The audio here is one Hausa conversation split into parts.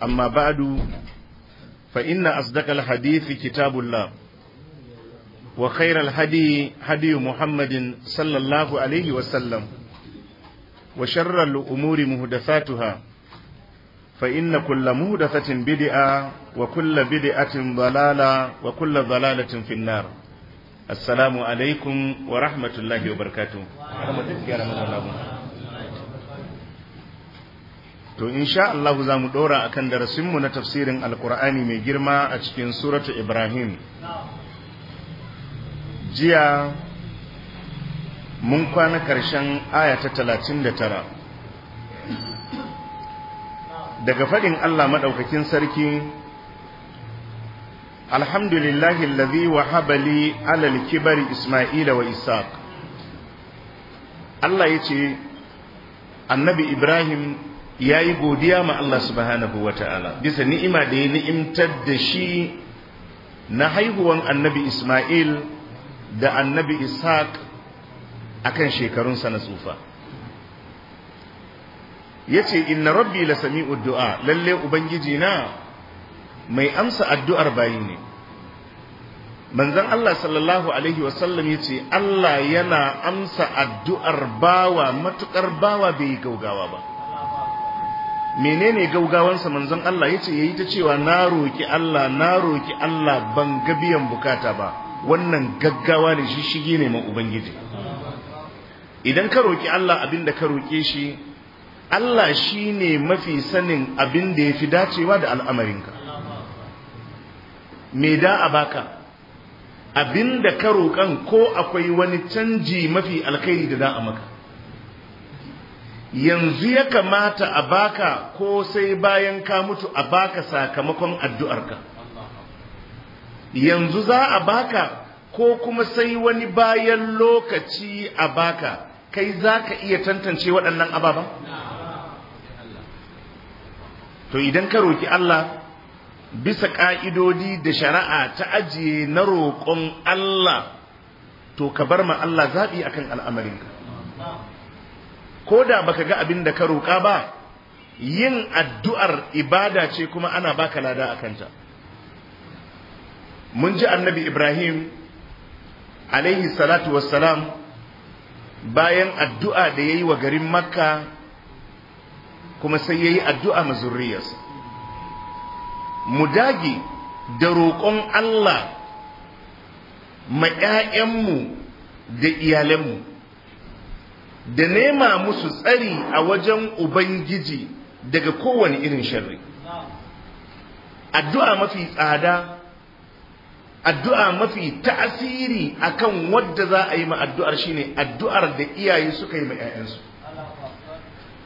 amma ba'adu fa inna asdaqal hadithi kitabullah wa khairal hadi hadi muhammadin sallallahu alaihi wa sallam wa sharral umuri muhdathatuha fa inna kulla muhdathatin bid'a wa kulla bid'atin dalala wa kulla dalalatin finnar السلام wa ورحمة wa وبركاته to in insha Allah za mu dora kan darasinmu na tafsirin alkur'ani mai girma a cikin suratu ibrahim jiya mun kwana karshen aya ta talatin da tara daga faɗin Allah maɗaukakin sarki alhamdulillahi lalzi wa habali alal kibar isma'ila wa isaac Allah ya ce annabi ibrahim ya yi godiya ma Allah subhanahu wa ta'ala bisa ni'ima da ya ni'imtar da shi na haihuwan annabi Ismail da annabi Ishaq a kan shekarunsa na tsufa. Ya ce, Inna rabbi la Sami'u du'a, lalle Ubangiji na mai amsa addu'ar bayi ne. Manzan Allah sallallahu Alaihi wasallam ya ce, Allah yana amsa addu'ar bawa matuƙar bawa bai yi gaugawa ba. menene gaugawansa manzon Allah yace yayi ta cewa na roki Allah na roki Allah ban ga biyan bukata ba wannan gaggawa ne shi shige ne ma ubangiji idan ka roki Allah abinda ka roke shi Allah shine mafi sanin abinda da yafi dacewa da al'amarinka me da a baka abinda ka roƙan ko akwai wani canji mafi alkhairi da za a maka yanzu ya kamata a baka ko sai bayan ka mutu a baka sakamakon addu'arka yanzu za a baka ko kuma sai wani bayan lokaci a baka kai za ka iya tantance waɗannan ababa to idan ka roki Allah bisa ƙa'idodi da shari'a ta ajiye na roƙon Allah to ka bar ma Allah zaɓi akan al'amarinka ko da baka ga abin da ka roƙa ba yin addu'ar ibada ce kuma ana baka lada a kanta mun ji annabi ibrahim alaihi salatu wassalam bayan addu'a da ya yi wa garin makka kuma sai ya yi addu'a mazurriyarsa mu dage da roƙon allah ma ‘ya'yanmu da iyalanmu da nema musu tsari a wajen ubangiji daga kowane irin sharri addu'a mafi tsada addu'a mafi tasiri akan wadda za a yi ma addu'ar shine addu'ar da iyaye suka yi ma 'ya'yansu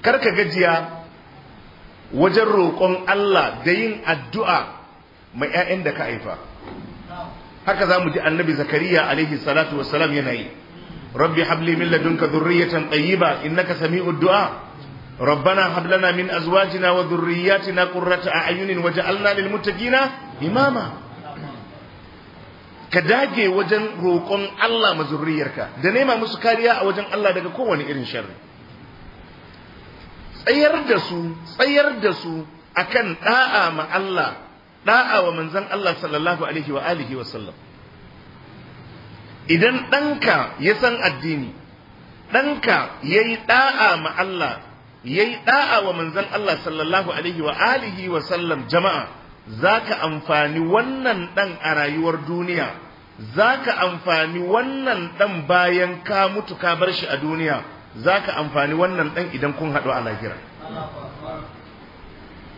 karka gajiya wajen roƙon Allah da yin addu'a ma 'ya'yan da ka haifa haka za mu ji annabi zakariya alaihi salatu yana yi rabbi habli min ladunka dhurriyatan tayyiba innaka sami'ud du'a ربنا هب لنا من ازواجنا وذرياتنا قرة اعين وجعلنا للمتقين اماما ka dage wajen roƙon Allah ma zurriyarka da nema musu kariya a wajen Allah daga kowane irin sharri tsayar da su tsayar da su akan da'a ma Allah da'a wa manzon Allah sallallahu wa sallam idan ɗanka ya san addini ɗanka ya yi ɗa'a ma Allah ya yi ɗa'a wa manzan Allah sallallahu alaihi wa alihi wa sallam jama'a za ka amfani wannan ɗan a rayuwar duniya za ka amfani wannan ɗan bayan ka mutu ka bar shi a duniya za ka amfani wannan ɗan idan kun haɗu a lahira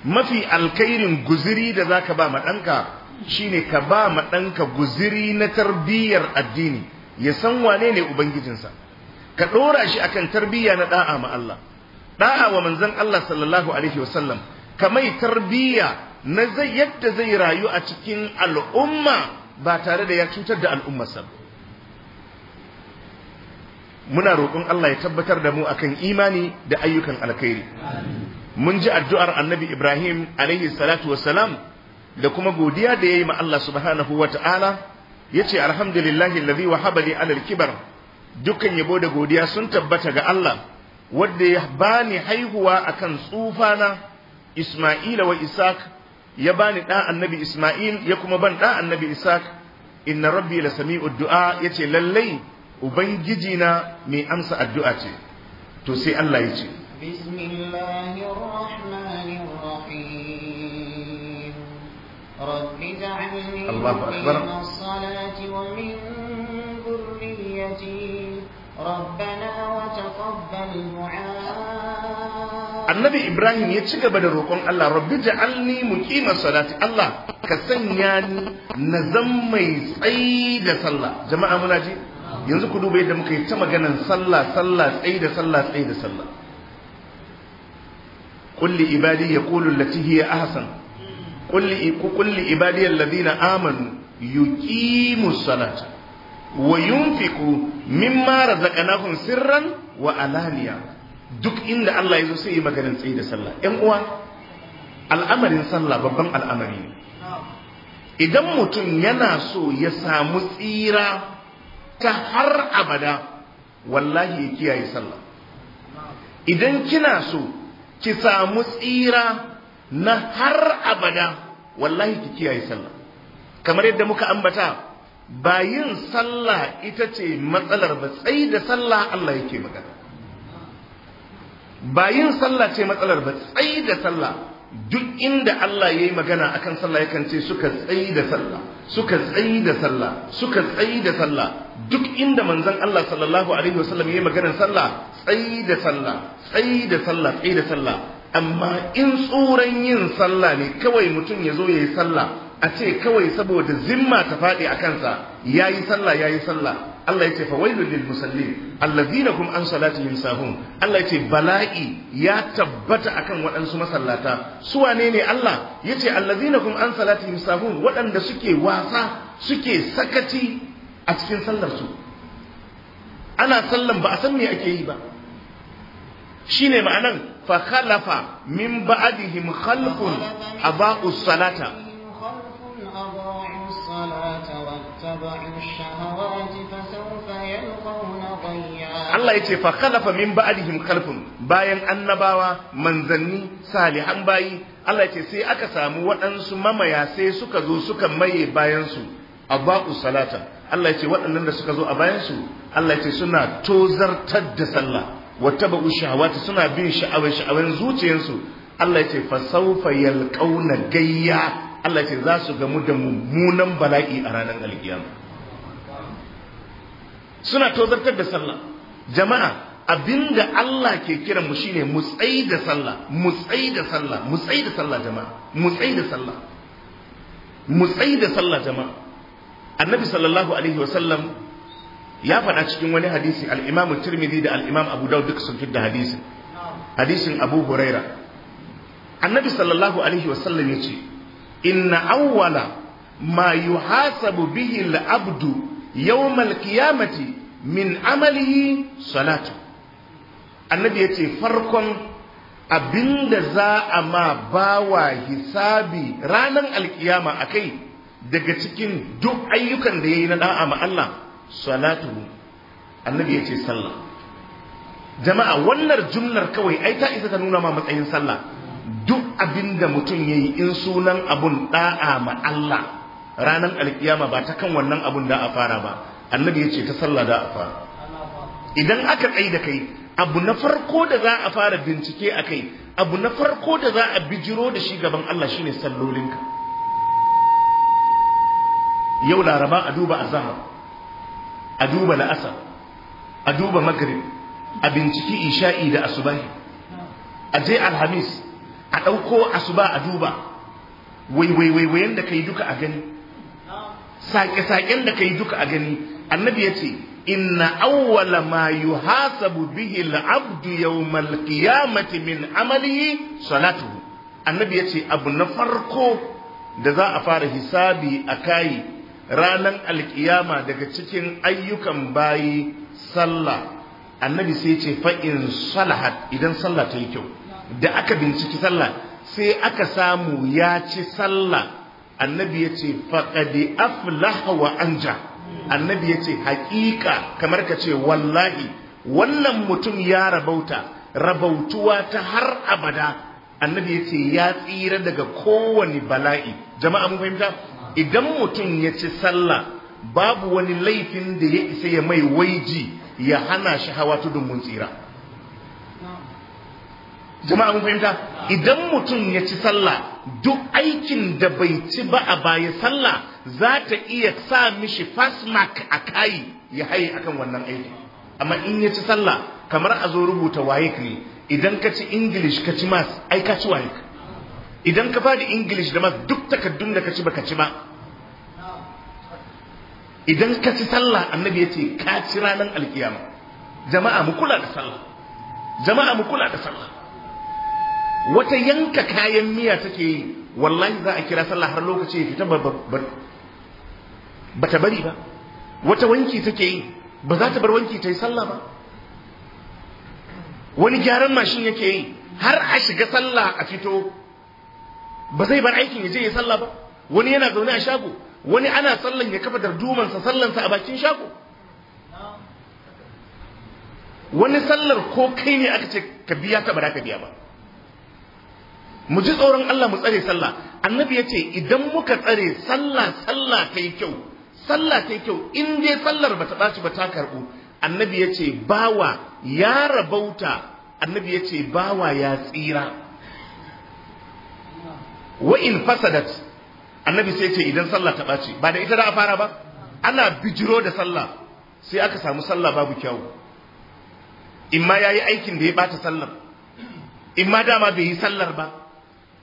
mafi alkairin guziri da za ka ba ma ɗanka shine ka ba ma ɗanka guziri na tarbiyyar addini ya san wane ne ubangijinsa ka ɗora shi akan tarbiyya na ɗa'a ma Allah ɗa'a wa manzon Allah sallallahu alaihi wasallam ka mai tarbiyya na zai yadda zai rayu a cikin al'umma ba tare da ya cutar da al'ummarsa ba muna roƙon Allah ya tabbatar da mu akan imani da ayyukan alkhairi mun ji addu'ar annabi Ibrahim alaihi salatu salam. da kuma godiya da ya yi ma Allah subhanahu wataala yace alhamdulillahi alladhi wahaba li ala kibar dukkan yabo da godiya sun tabbata ga Allah wanda ya bani haihuwa akan tsufana Isma'ila wa Isaac ya bani da annabi Isma'il ya kuma ban da annabi Isaac inna rabbi la sami'ud ya yace lallai ubangiji na mai amsa addu'a ce to sai Allah ya ce. رب اجعلني الله أكبر من الصلاة ومن ذريتي ربنا وتقبل دعاء annabi ibrahim ya ci gaba da roƙon allah rabbi ja'alni muqima salati allah ka sanya ni na zan mai tsayi da sallah jama'a muna ji yanzu ku duba yadda muka yi ta maganan sallah sallah tsayi da sallah tsayi da sallah kulli ibadi yaqulu allati hiya ahsan kulli ku kulli ibadiyal ladina amanu yuqimus salata wa yunfiqu mimma razaqnahum sirran wa duk inda Allah ya zo sai yi maganin tsaye da sallah Yan uwa al'amarin sallah babban al'amari ne idan mutum yana so ya samu tsira ta har abada wallahi ya kiyaye sallah idan kina so ki samu tsira na har abada wallahi ki kiyaye sallah kamar yadda muka ambata ba yin sallah ita ce matsalar ba tsayi da sallah Allah yake magana ba yin sallah ce matsalar ba tsayi da sallah duk inda Allah ya yi magana akan sallah yakan ce suka tsayi da sallah suka tsayi da sallah suka tsayi da sallah duk inda manzon Allah sallallahu alaihi wasallam ya yi maganar sallah tsayi da sallah tsayi da sallah tsayi da sallah amma in tsoron yin sallah ne kawai mutum ya zo ya yi sallah a ce kawai saboda zimma ta faɗi a kansa ya yi sallah ya yi sallah Allah ya ce fa wailul lil musallin allazina kuma an salatihim sahun Allah ya ce bala'i ya tabbata akan waɗansu masallata su wane ne Allah ya ce allazina kuma an salatihim sahun waɗanda suke wasa suke sakaci a cikin sallar su ana sallan ba a san me ake yi ba shine ma'anan فخلف من بعدهم خلف أضاعوا الصلاة Allah ya ce fa khalafa min ba'dihim khalfun bayan annabawa manzanni salihan bayi Allah ya ce sai aka samu waɗansu mamaya sai suka zo suka maye bayan su abba'u salata Allah ya ce waɗannan da suka zo a bayan su Allah ya ce suna tozartar da sallah wattaba'u shahawati suna bin sha'awai-sha'awai, zuciyarsu Allah yace fa sawfa yalqauna gayya Allah ce za su gamu da mummunan bala'i a ranar alkiyama suna tozartar da sallah jama'a abinda Allah ke kiran mu shine mu tsayi da sallah mu tsayi da sallah mu tsayi da sallah jama'a mu tsayi da sallah mu tsayi da sallah jama'a annabi sallallahu alaihi wa sallam. ya faɗa cikin wani hadisi alimam imam Tirmidhi da alimam Abu Dawud duk sun fitar da hadisi hadisin Abu Huraira Annabi sallallahu alaihi wasallam yace inna awwala ma hasabu bihi al-abdu yawm min amalihi salatu Annabi yace farkon abinda za a ma bawa hisabi ranar alkiyama a kai daga cikin duk ayyukan da yayi na da'a ma Allah salatu annabi yace sallah jama'a wannan jumlar kawai ai ta isa ta nuna ma matsayin sallah duk abinda mutum yayi in sunan abun da'a ma Allah ranan alkiyama ba ta kan wannan abun da a fara ba annabi yace ta sallah da a fara idan aka tsai da kai abu na farko da za a fara bincike a kai abu na farko da za a bijiro da shi gaban Allah shine sallolinka yau laraba a duba azhar a duba la'asar a duba magrib a binciki isha'i da asubahi a je alhamis a ɗauko asuba a duba waiwaiwayen da ka yi duka a gani saƙe-saƙen da ka yi duka a gani annabi ya ce inna awwala ma yuhasabu bihi al-abdu yawmal qiyamati min amalihi salatuhu annabi yace ce abu na farko da za a fara hisabi a kayi ranan alkiyama daga cikin ayyukan bayi sallah annabi sai ce fa salahat idan sallah ta yi kyau da aka binciki sallah sai aka samu ya ci sallah annabi ya ce faqadi aflaha wa anja annabi ya ce haƙiƙa kamar ka ce wallahi wannan mutum ya rabauta rabautuwa ta har abada annabi ya ce ya tsira daga kowane bala'i jama'a mun fahimta idan mutum ya ci sallah babu wani laifin da ya isa ya mai waiji ya hana shi hawa tudun mun tsira jama'a mun fahimta idan mutum ya ci sallah duk aikin da bai ci ba a baya sallah za ta iya sa mishi fasmak a kai ya haye akan wannan aiki amma in ya ci sallah kamar a zo rubuta wayek ne idan ka ci english ka ci mas ai ka ci wayek idan ka bada english da ma duk takaddun da ka ci baka ci ba idan ka ci sallah annabi ya ce ka ci ranar alkiyama jama'a mu kula da sallah jama'a mu kula da sallah wata yanka kayan miya take yi wallahi za a kira sallah har lokaci ya fita ba ta bari ba wata wanki take yi ba za ta bar wanki ta yi sallah ba wani gyaran mashin yake yi har a shiga sallah a fito ba zai bar aikin ya je ya sallah ba wani yana zaune a shago wani ana sallan ya kafa dardumansa sallansa a bakin shago wani sallar ko kai ne aka ce ka biya ta ba ka biya ba mu ji tsoron Allah mu tsare sallah annabi ya ce idan muka tsare sallah sallah ta kyau sallah ta kyau in dai sallar ba ta ɓaci ba ta karɓu annabi ya ce bawa ya rabauta annabi ya ce bawa ya tsira wa in fasadat annabi sai ce idan sallah ta bace ba da ita da a fara ba ana bijiro da sallah sai aka samu sallah babu kyau, in ma yayi aikin da ya bata sallar in ma dama bai yi sallar ba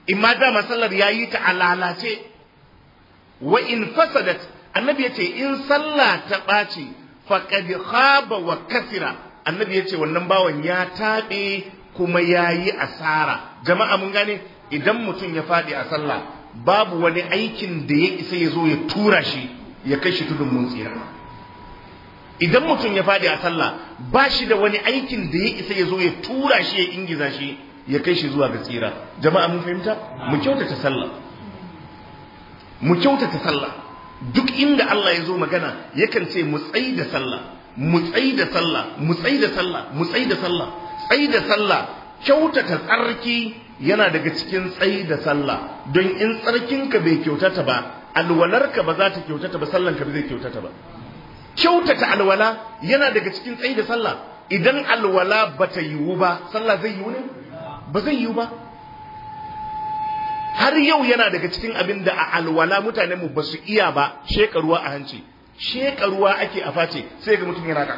in ma dama sallar yayi ta a lalace wa in fasadat annabi yace in sallah ta ɓace faqad khaba wa kasira annabi yace wannan bawan ya taɓe kuma yayi asara jama'a mun gane idan mutum ya faɗi a sallah babu wani aikin da ya isa ya zo ya tura shi ya kai shi tudun mun tsira idan mutum ya faɗi a sallah ba shi da wani aikin da ya isa ya zo ya tura shi ya ingiza shi ya kai shi zuwa ga tsira jama'a mun fahimta mu kyautata sallah mu kyautata sallah duk inda Allah ya zo magana yakan ce mu tsayi da sallah mu tsayi da sallah mu tsai da sallah mu tsayi da sallah tsayi da sallah kyautata tsarki yana daga cikin tsayi da sallah don in tsarkinka bai kyautata ba alwalarka ba za ta kyautata ba sallanka ba zai kyautata ba kyautata alwala yana daga cikin tsayi da sallah idan alwala ba ta yiwu ba sallah zai yiwu ne ba zai yiwu ba har yau yana daga cikin abin da a alwala mutane mu ba su iya ba shekaruwa a hanci shekaruwa ake a face sai ga mutum yana ka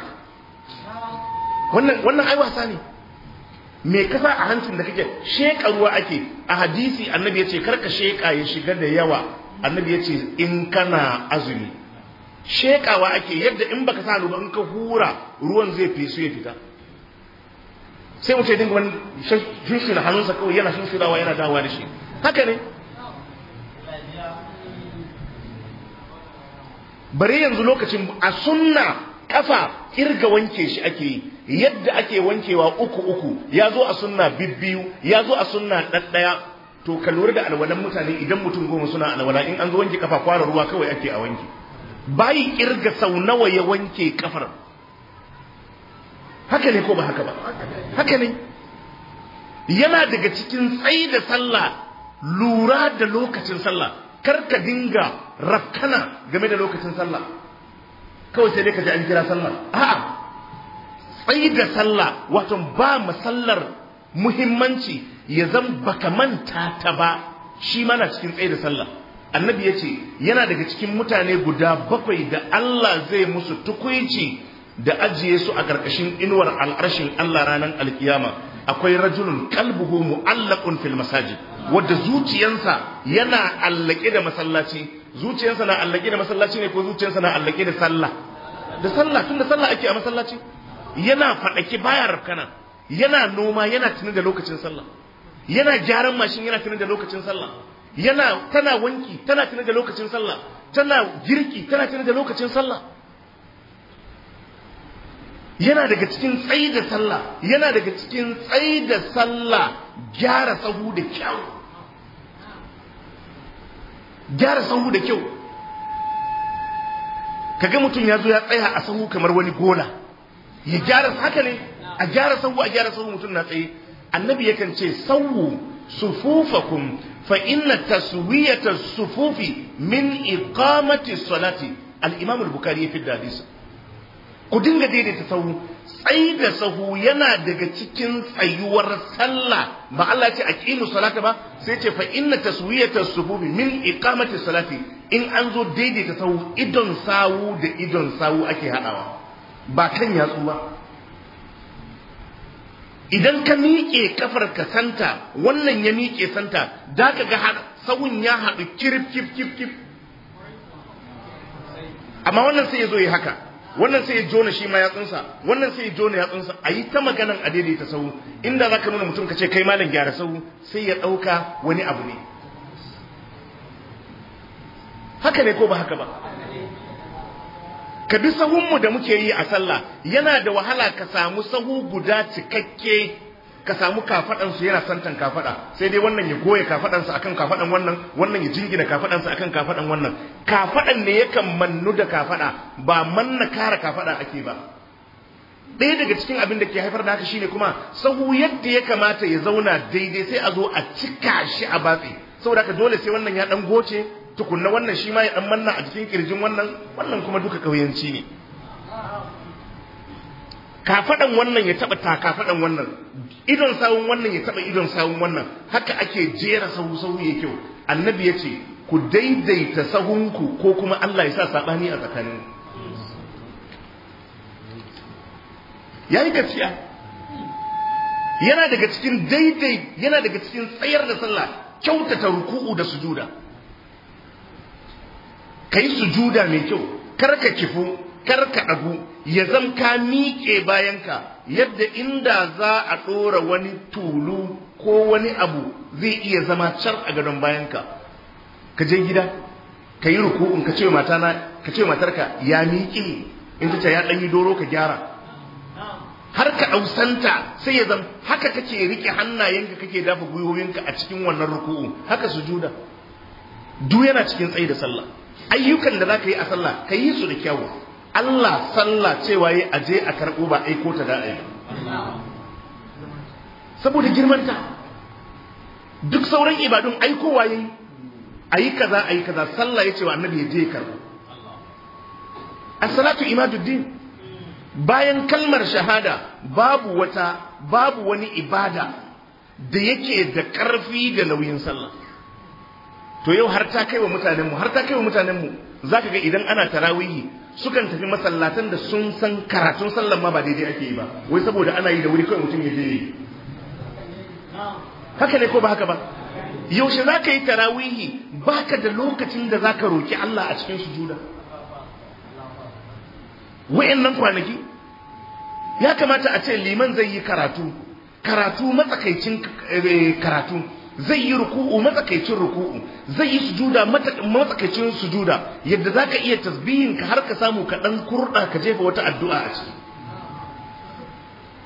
wannan wannan ai wasa ne me kasa a hancin da kake sheka ruwa ake a hadisi annabi ya ce karka sheka ya shiga da yawa annabi ya ce in kana azumi shekawa ake yadda in baka sa ruwa in ka hura ruwan zai fesu ya fita sai mu ce dinga wani shunshuna hannunsa kawai yana dawa yana dawa da shi haka ne bari yanzu lokacin a sunna kafa kirga wanke shi ake yi yadda ake wankewa uku uku ya zo a sunna bibbiyu ya zo a sunna ɗaɗɗaya to ka lura da alwalan mutane idan mutum goma suna alwala in an zo wanke kafa kwara ruwa kawai ake a wanke bayi kirga sau nawa ya wanke kafar haka ne ko ba haka ba haka ne yana daga cikin tsayi da sallah lura da lokacin sallah kar ka dinga rafkana game da lokacin sallah kawai sai dai ka ji an kira sallah a'a tsayi da sallah wato ba masallar muhimmanci ya zan baka manta ta ba shi mana cikin tsayi da sallah annabi ya ce yana daga cikin mutane guda bakwai da Allah zai musu tukuici da ajiye su a ƙarƙashin inuwar al'arshin Allah ranar alkiyama akwai rajulun kalbuhu mu'allaqun fil masajid Wadda zuciyansa yana allake da masallaci zuciyansa na allake da masallaci ne ko zuciyansa na allake da sallah da sallah tunda sallah ake a masallaci yana faɗaki baya rafkana yana noma yana tuni da lokacin sallah yana gyaran mashin yana tuni da lokacin sallah yana tana wanki tana tuni da lokacin sallah tana girki tana tuni da lokacin sallah yana daga cikin tsayi da sallah yana daga cikin tsayi da sallah gyara sahu da kyau gyara sahu da kyau kaga mutum ya zo ya tsaya a sahu kamar wani gola ya gyara haka ne a gyara sahu a gyara sahu mutum na tsaye annabi yakan ce sawu sufufakum fa inna taswiyata sufufi min iqamati salati al-imam al-bukhari ya fidda ku dinga daidaita sahu tsai da sahu yana daga cikin tsayuwar sallah ba Allah ce aqimu salata ba sai ce fa inna taswiyata sufufi min iqamati salati in an zo daidaita sahu idon sawu da idon sawu ake hadawa ba kan yatsu ba idan ka miƙe kafar ka santa wannan ya miƙe santa za ka ga har sawun ya haɗu kirif kif kif kif amma wannan sai ya zo ya haka wannan sai ya jona shi ma yatsunsa wannan sai ya jona yatsunsa a yi ta maganan a daidaita sawu inda za ka nuna mutum ka ce kai malam gyara sawu sai ya ɗauka wani abu ne haka ne ko ba haka ba ka duk sahunmu da muke yi a sallah yana da wahala ka samu sahu guda cikakke ka samu kafadansu yana santan kafada sai dai wannan ya goye kafadansa akan kafadan wannan wannan ya jingina kafadansa akan kafadan wannan kafadan ne yakan mannu da kafada ba manna kara kafada ake ba ɗaya daga cikin abin da ke haifar da haka shine kuma sahu yadda ya kamata ya zauna daidai sai a zo a cika shi a batse saboda ka dole sai wannan ya dan goce tukunna wannan shi ma ya dan manna a cikin kirjin wannan wannan kuma duka kauyanci ne fadan wannan ya taba fadan wannan idon sawun wannan ya taba idon sawun wannan haka ake jera sahu sahu ya kyau annabi yace ku daidaita sahunku ko kuma Allah ya sa sabani a tsakanin yayi gaskiya yana daga cikin daidai yana daga cikin tsayar da sallah kyautata ruku'u da sujuda kai sujuda mai kyau kar karka kifu ka dagu ya zam ka miƙe bayanka yadda inda za a ɗora wani tulu ko wani abu zai iya zama can a gadon bayanka ka je gida ka yi ruku'un ka ce matarka ya miƙe in ta ce ya ɗanyi doro ka gyara har ka ausanta sai ya zama haka kake rike hannayenka kake dafa gwiwoyinka a cikin wannan ruku'u haka sujuda duk yana cikin tsayi da sallah ayyukan da zaka yi a sallah ka yi su da kyawu Allah sallah cewa yi aje a karɓo ba aiko ta da ayi saboda girmanta duk sauran ibadun aikowa yayi ayi kaza ayi kaza sallah ya ce wa annabi ya je ya karɓo as-salatu imaduddin bayan kalmar shahada babu wata babu wani ibada da yake da ƙarfi da nauyin sallah to yau har ta kai wa mutanenmu har ta kai wa mutanenmu za ka ga idan ana tarawihi sukan tafi masallatan da sun san karatun sallah? ma ba daidai ake yi ba wai saboda ana yi da wuri kawai mutum ya je yi haka ne ko ba haka ba yaushe za ka yi tarawihi baka da lokacin da za ka roƙi Allah a cikin sujuda nan kwanaki ya kamata a ce liman zai yi karatu karatu matsakaicin eh, karatu zai yi ruku'u matsakaicin ruku'u zai yi sujuda matsakaicin sujuda yadda za ka iya tasbihin ka har ka samu ka ɗan kurɗa ka jefa wata addu'a a ciki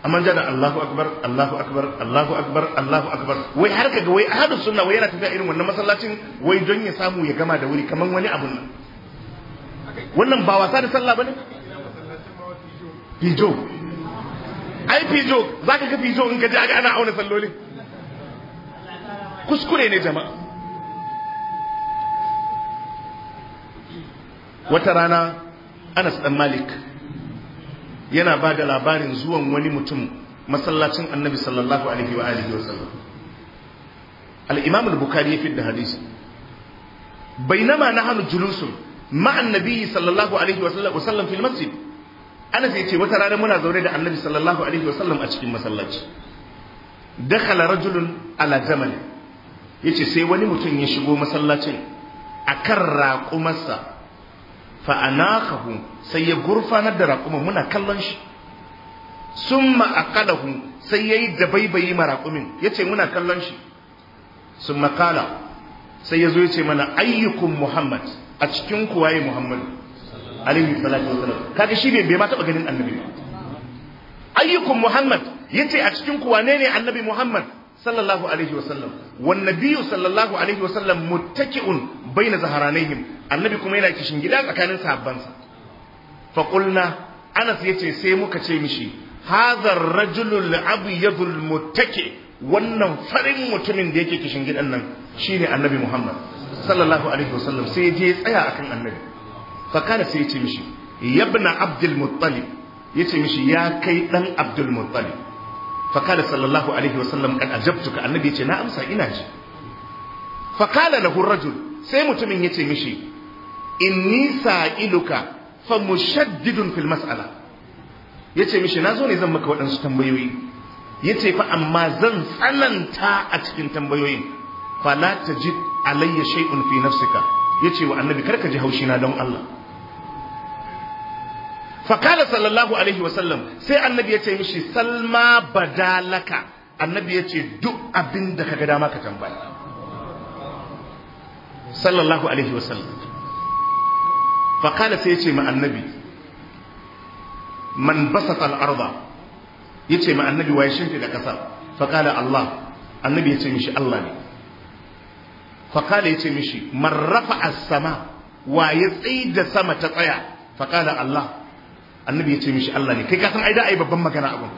amma jana Allahu akbar Allahu akbar Allahu akbar Allahu akbar wai har ka ga wai ahadu sunna wai yana tafiya irin wannan masallacin wai don ya samu ya gama da wuri kaman wani abun nan wannan ba wasa da sallah bane fijo ai fijo za ka ga fijo in ka ji ana auna sallolin kuskure ne jama'a wata rana anas dan malik yana ba da labarin zuwan wani mutum masallacin annabi sallallahu alaihi wa alihi wa sallam al-imam al-bukhari ya fidda hadisi bainama nahnu julusun ma'a annabi sallallahu alaihi wa sallam fil masjid Anas ya ce wata rana muna zaune da Annabi sallallahu alaihi wasallam a cikin masallaci dakhala rajulun ala yace sai wani mutum ya shigo masallacin akan raqumarsa fa anakahu sai ya gurfanar da raquma muna kallon shi summa aqalahu sai yayi dabaibayi maraqumin yace muna kallon shi summa qala sai yazo yace mana ayyukum muhammad a cikin kuwaye muhammadu alaihi salatu wasallam kaga shi bai bai ma taba ganin annabi ba ayyukum muhammad yace a cikin ku wane ne annabi muhammad sallallahu alaihi wasallam wan nabiyyu sallallahu alaihi wasallam muttaki'un baina zaharanihim annabi kuma yana kishin gida tsakanin sahabbansa fa qulna anas yace sai muka ce mishi hadha ar-rajulul abyadul muttaki wannan farin mutumin da yake kishin gidan nan shine annabi muhammad sallallahu alaihi wasallam sai je tsaya akan annabi fakara sai ce mishi yabna abdul muttalib yace mishi ya kai dan abdul muttalib fakara sallallahu alaihi wasallam kad ajabtuka annabi yace na amsa ina ji fakara lahu rajul sai mutumin yace mishi inni sa'iluka fa mushaddidun fil mas'ala yace mishi nazo ne zan maka waɗansu tambayoyi yace fa amma zan tsananta a cikin tambayoyin fala tajid alayya shay'un fi nafsika yace wa annabi karka ji haushi na don Allah fakala sallallahu alaihi wasallam sai annabi ya mishi salma badalaka annabi ya ce duk abin da dama ka tambaya sallallahu alaihi wasallam fakala sai ya ma annabi man basata al'arba ya ce ma annabi waye shimfi da ƙasa fakala Allah annabi ya mishi Allah ne fakala ya ce mishi sama sama ta tsaya fakala Allah annabi ya ce mishi Allah ne kai ka san ai da ai babban magana abun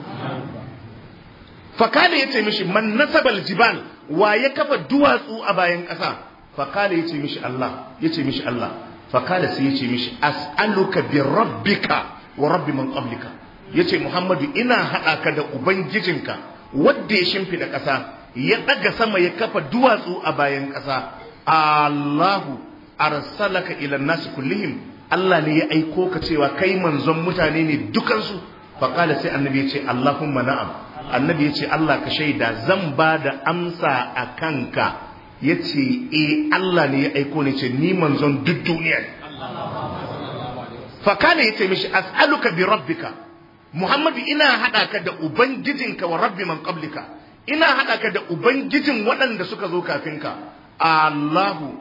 fakala ya ce mishi man nasabal jibal wa ya kafa duwatsu a bayan ƙasa fakala ya ce mishi Allah ya ce mishi Allah fakala sai ya ce mishi as'aluka bi rabbika wa rabbi man qablika ya ce Muhammadu ina haɗa ka da ubangijinka wadda ya shimfiɗa ƙasa ya ɗaga sama ya kafa duwatsu a bayan ƙasa Allahu arsalaka ila nasu kullihim Allah ne ya aiko ka cewa kai manzon mutane ne dukansu kala sai annabi ya ce Allahumma na'am annabi ya ce Allah ka shaida zan ba da amsa a kanka ya ce e Allah ne ya aiko ne ce ni manzon duk duniya ne kala ya ce mishi as'aluka bi rabbika Muhammadu ina haɗa ka da ubangijinka wa rabbi man qablika ina haɗa ka da ubangijin waɗanda suka zo kafinka Allahu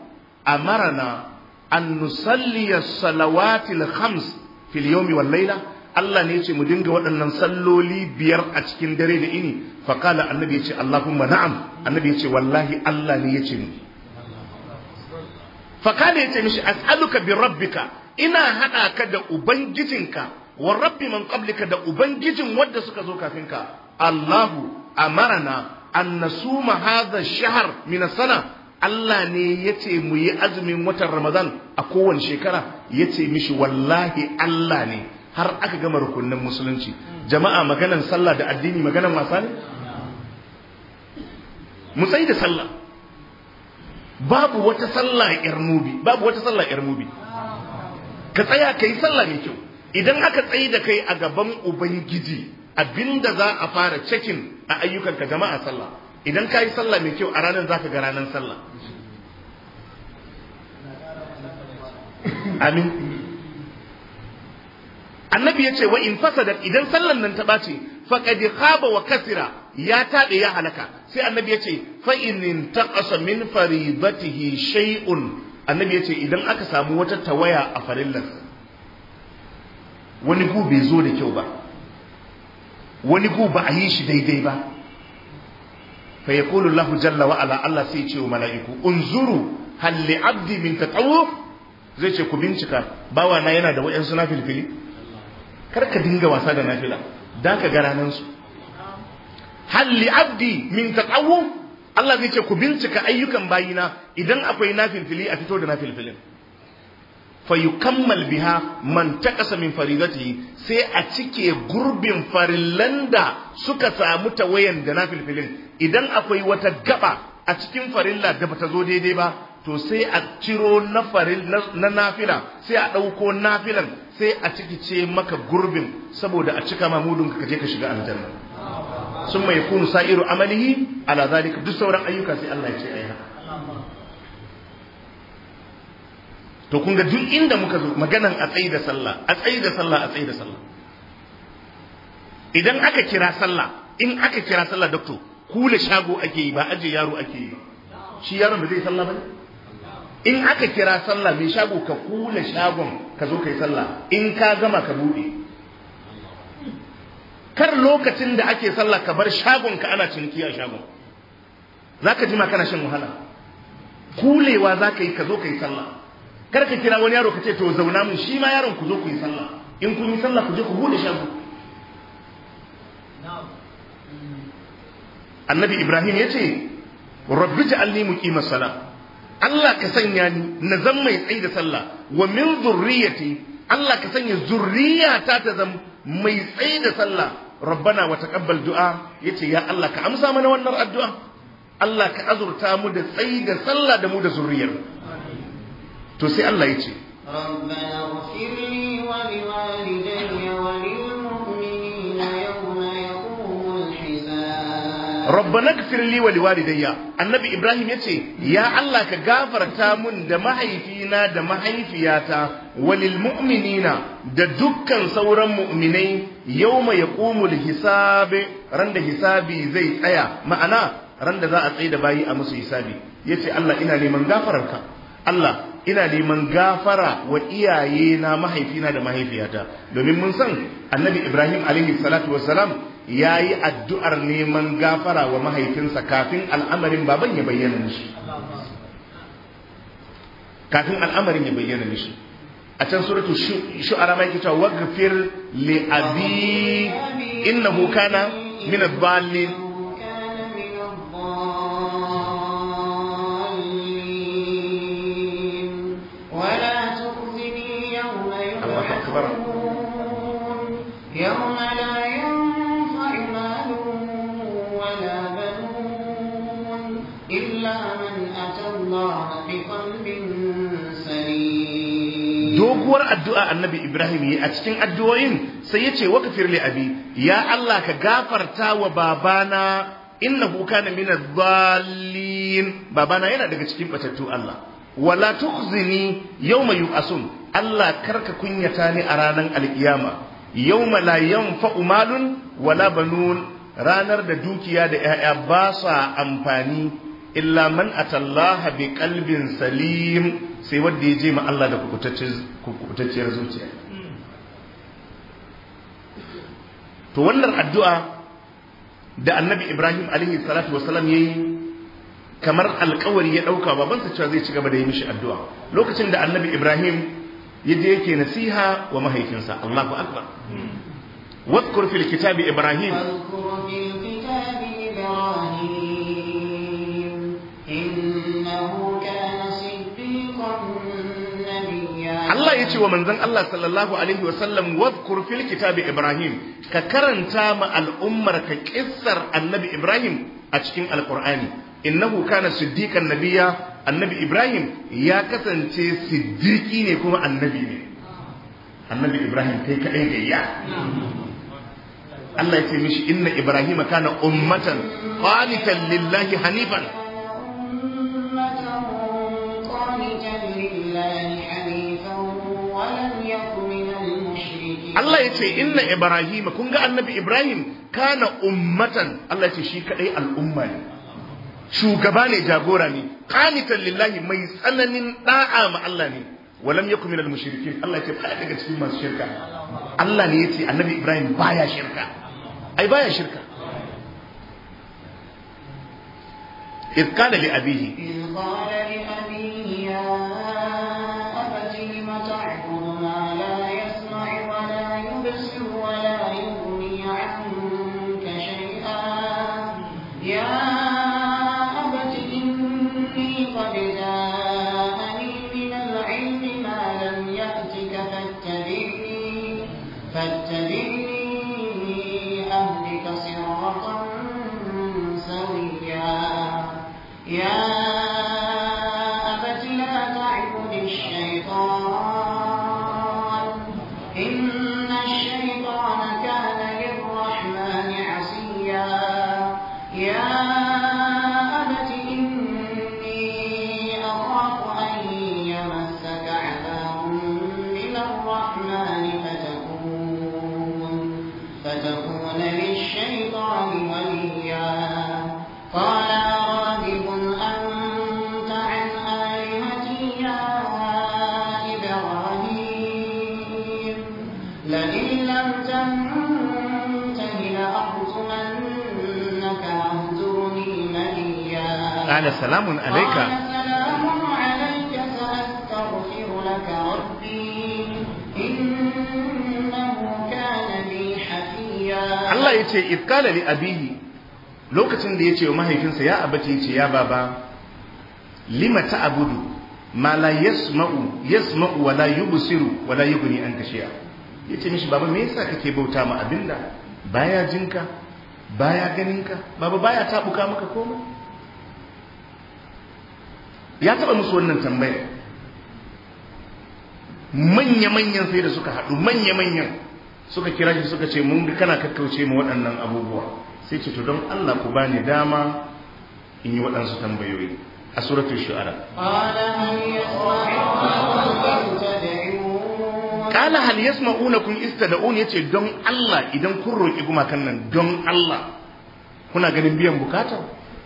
amarana an nusalliya salawatil khams fil yawmi wal layla Allah ne yace mu dinga waɗannan salloli biyar a cikin dare da ini fa qala annabi yace Allahumma na'am annabi yace wallahi Allah ne yace mu fa kana yace mishi as'aluka bi rabbika ina hada ka da ubangijinka wa rabbi man qablika da ubangijin wanda suka zo kafin ka Allahu amarana an nasuma hadha ash-shahr min as-sana Allah ne ya ce mu yi azumin watan Ramadan a kowane shekara ya ce mishi wallahi Allah ne har aka gama rukunin musulunci jama'a maganan sallah da addini maganan wasa ne mu tsayi da sallah babu wata sallah irmubi babu wata sallah irmubi ka tsaya kai sallah mai kyau idan aka tsayi da kai a gaban ubangiji abinda za a fara cekin a ayyukanka jama'a sallah idan ka yi sallah mai kyau a ranar za ka ga ranar sallah amin annabi ya ce wa in da idan sallan nan ta ɓace faƙadi khaba wa kasira ya taɗe ya halaka sai annabi ya ce fa in ƙasa min faridatihi shay'un annabi ya ce idan aka samu wata tawaya a farillarsa wani ku bai zo da kyau ba wani gu ba a yi shi daidai ba fa yaqulu Allahu jalla wa Allah sai ce mala'iku unzuru hal abdi min zai ce ku bincika bawa na yana da wayansu nafilfili kar ka dinga wasa da nafila da ka ga ranan su hal abdi min Allah zai ce ku bincika ayyukan bayina idan akwai nafilfili a fito da nafilfili. fayukammal biha man taqasa min faridatihi sai a cike gurbin farillan da suka samu wayan da nafilfilin idan akwai wata gaba a cikin farilla da bata zo daidai ba to sai a ciro na faril na nafila sai a ɗauko nafilan sai a ce maka gurbin saboda a cika mamudun ka je ka shiga aljanna sun mai kunu sa'iru amalihi ala zalika duk sauran ayyuka sai Allah ya ce ayi haka to kun ga duk inda muka zo maganan a tsayi da sallah a tsayi da sallah a tsayi da sallah idan aka kira sallah in aka kira sallah doctor kula shago ake yi ba aje yaro ake yi shi yaron da zai sallah bane in aka kira sallah mai shago ka kula shagon ka zo kai sallah in ka gama ka bude kar lokacin da ake sallah ka bar shagon ka ana ciniki a shagon zaka jima kana shan wahala kulewa zaka yi ka zo kai sallah kar ka kira wani yaro ka ce to zauna mun shi ma yaron ku zo ku yi sallah in kun yi sallah ku je ku bude shago annabi ibrahim ya ce rabbi ja'alni muqimas salah Allah ka sanya ni na zan mai tsayi da sallah wa min zurriyati Allah ka sanya zurriyata ta zan mai tsayi da sallah rabbana wa taqabbal du'a yace ya Allah ka amsa mana wannan addu'a Allah ka azurta mu da tsayi da sallah da mu da zurriyar to sai Allah ya ce rabbana gfir li wa liwalidayya annabi ibrahim yace ya allah ka gafarta mun da mahaifina da mahaifiyata walil mu'minina da dukkan sauran mu'minai yawma yaqumul hisabi randa hisabi zai tsaya ma'ana randa za a tsai da bayi a musu hisabi yace allah ina neman gafararka allah ina neman gafara wa iyaye na mahaifina da mahaifiyata domin mun san annabi ibrahim alaihi salatu wassalam ya yi addu'ar neman gafara wa mahaifinsa kafin al'amarin baban ya bayyana mishi kafin al'amarin ya bayyana mishi a can suratu shu'ara mai kita waghfir li abi innahu kana min adh-dhalin doguwar addu'a annabi Ibrahim yi a cikin addu'o'in sai ya ce wakafir li abi ya Allah ka gafarta wa babana inna kana min adh zalin. babana yana daga cikin batattu Allah wala yau yawma yub'asun Allah karka kunyata ni a ranar alkiyama Yau la yanfa'u malun wala banun ranar da dukiya da 'ya'ya ba sa amfani illa man atallaha bi kalbin salim sai wadda ya je ma Allah da kukutacciyar zuciya to wannan addu'a da annabi ibrahim alaihi salatu wasalam ya yi kamar alkawari ya ɗauka babansa cewa zai ci gaba da yi mishi addu'a lokacin da annabi ibrahim ya je yake nasiha wa mahaifinsa allahu akbar واذكر hmm. في ce wa manzon Allah sallallahu alaihi wa sallam wadhkur fil kitabi Ibrahim ka karanta ma al'ummar ka kissar annabi Ibrahim a cikin alqur'ani innahu kana siddiqan nabiyya annabi Ibrahim ya kasance siddiqi ne kuma annabi ne annabi Ibrahim kai kadai gayya Allah ya ce mishi inna Ibrahim kana ummatan qanitan lillahi hanifan Allah ya ce inna Ibrahim kun ga annabi Ibrahim kana ummatan Allah ya ce shi kadai al'umma ne shugaba ne jagora ne qanitan lillahi mai tsananin da'a ma Allah ne walam yakun minal mushrikin Allah ya ce ba daga cikin masu shirka Allah ne ya ce annabi Ibrahim baya shirka ai baya shirka إذ قال لأبيه إذ قال لأبيه يا فتكون للشيطان وليا قال راغب أنت عن آلهتي يا إبراهيم لئن لم تنته لأرجمنك واهجرني مليا قال سلام عليك ce ifkala li abihi lokacin da ya ce wa mahaifinsa ya abace ya ce ya baba lima ta abudu ma la yasma'u yasma'u wala yubsiru wala yughni an ya yace mishi baba me yasa kake bauta ma abinda baya jinka baya ganinka baba baya tabuka maka komai ya taba musu wannan tambayar manya-manyan sai da suka haɗu manya-manyan suka kira shi suka ce mun kana kakkauce mu waɗannan abubuwa sai ce to don Allah ku bani dama in yi waɗansu tambayoyi a suratul shu'ara qala hal yasma'unakum istada'un yace don Allah idan kun roki gumakan nan don Allah kuna ganin biyan bukata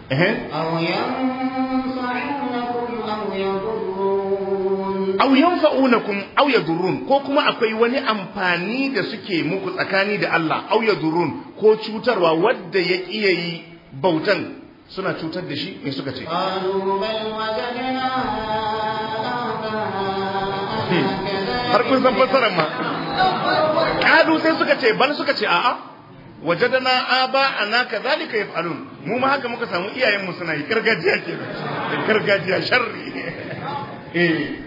eh aw yanfa'unakum aw fa'una au ya durun ko kuma akwai wani amfani da suke muku tsakani da Allah ya durun ko cutarwa wadda ya iya yi bautan suna cutar da shi me suka ce har kun san fassarar ma Kadu sai suka ce ban suka ce a'a wajadana aba ana kadhalika yaf'alun mu ma haka muka samu iyayen mu suna yi gargajiya ke, gargajiya sharri eh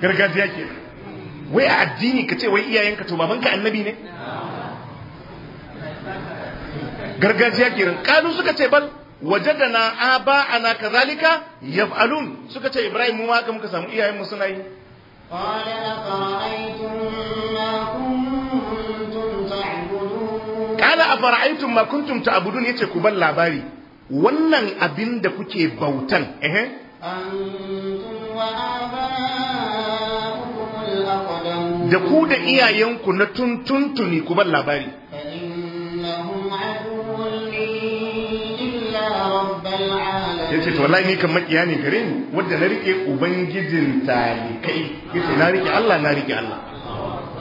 gargajiya ke wai a addini ka ce wai iyayenka to babanka annabi ne gargajiya ke kanu suka ce bal wajadana ana kazalika yaf'alun suka ce ibrahim mu ma haka muka samu iyayenmu suna yi قال a ما كنتم تعبدون قال أفرأيتم ما كنتم yace ku كبال labari wannan abin da kuke bautan ehe antum wa da ku da iyayenku na tuntuntuni ku bar labari ya ce wallahi ni kan makiya ne gare ni wadda na rike ubangijin talikai ya ce na rike Allah na rike Allah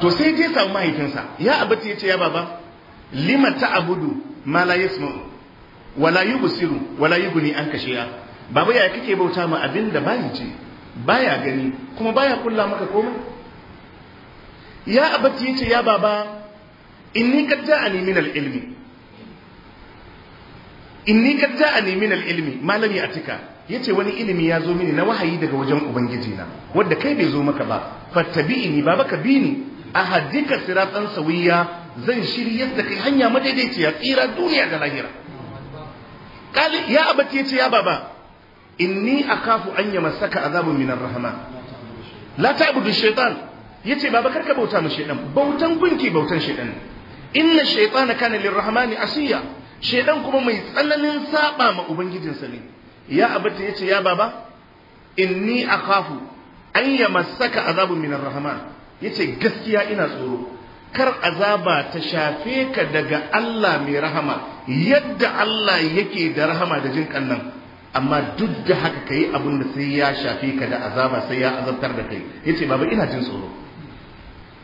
to sai je samu mahaifinsa ya abata ya ce ya baba lima abudu ma la yasma'u wala yubsiru wala yughni an kashe ya baba ya kake bauta ma abin da ba ce baya gani kuma baya kulla maka komai ya abati yace ya baba inni qad ja'ani min al-ilmi inni qad ja'ani min al-ilmi malami atika yace wani ilimi ya zo mini na wahayi daga wajen ubangiji na wanda kai bai zo maka ba fattabi'ini baba ka bi ni ahadika siratan sawiya zan shiryar da kai hanya madaidaiciya tsira duniya da lahira kali ya abati yace ya baba inni akhafu an yamasaka azabun min ar-rahman la ta'budu shaytan yace baba karka bauta mu shedan bautan gunki bautan shedan inna shaytana kana lirrahmani asiya shedan kuma mai tsananin saba ma ubangijinsa ne ya abata yace ya baba inni akhafu an yamassaka azabun minar rahman yace gaskiya ina tsoro kar azaba ta shafe ka daga Allah mai rahama yadda Allah yake da rahama da jin kannan amma duk da haka kai abin da sai ya shafe ka da azaba sai ya azabtar da kai yace baba ina jin tsoro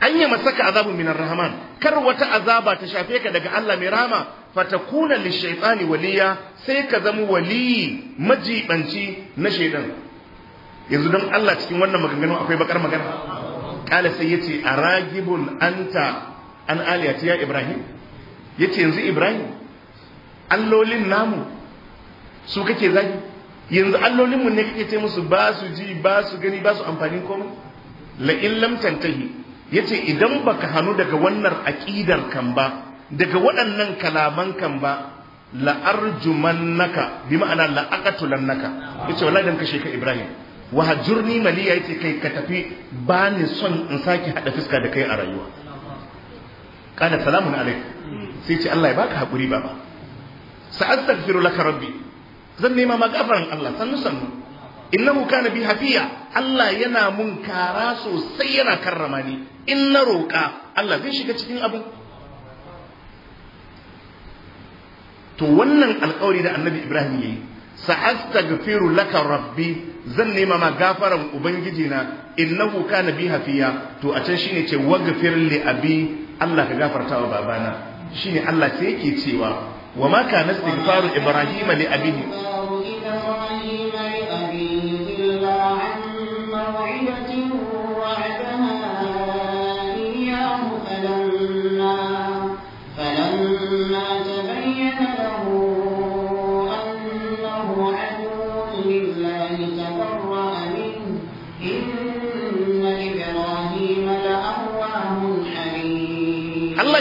an yi masaka azabu minar rahman kar wata azaba ta shafe ka daga Allah mai rahama fatakuna lishaitani waliya sai ka zama waliyi majibanci na shaidan yanzu don Allah cikin wannan maganganu akwai bakar magana kala sai yace aragibun anta an aliyati ya ibrahim yace yanzu ibrahim allolin namu su kake zagi yanzu allolinmu ne kake ce musu ba su ji ba su gani ba su amfani komai la in lam tantahi yace idan baka hanu daga wannan aqidar kan ba daga waɗannan kalaman kan ba la arjumannaka bi ma'ana la aqatulannaka yace wallahi dan kashe ka Ibrahim wa hajurni maliya yace kai ka tafi ba ni son in saki hada fuska da kai a rayuwa kana salamun alaik sai ce Allah ya baka hakuri baba sa'astaghfiru laka rabbi zan nema magafaran Allah sannu sannu innahu kana bi hafiya Allah yana mun kara sosai yana karrama ni in na roƙa Allah zai shiga cikin abin to wannan alƙawari da annabi ibrahim ya yi sa'astaghfiru laka rabbi zan nema ma gafaran ubangiji na innahu kana bi hafiya to a can shine ce waghfir li abi Allah ka gafarta wa babana shine Allah sai yake cewa wa ma kana istighfaru ibrahima li abihi Allah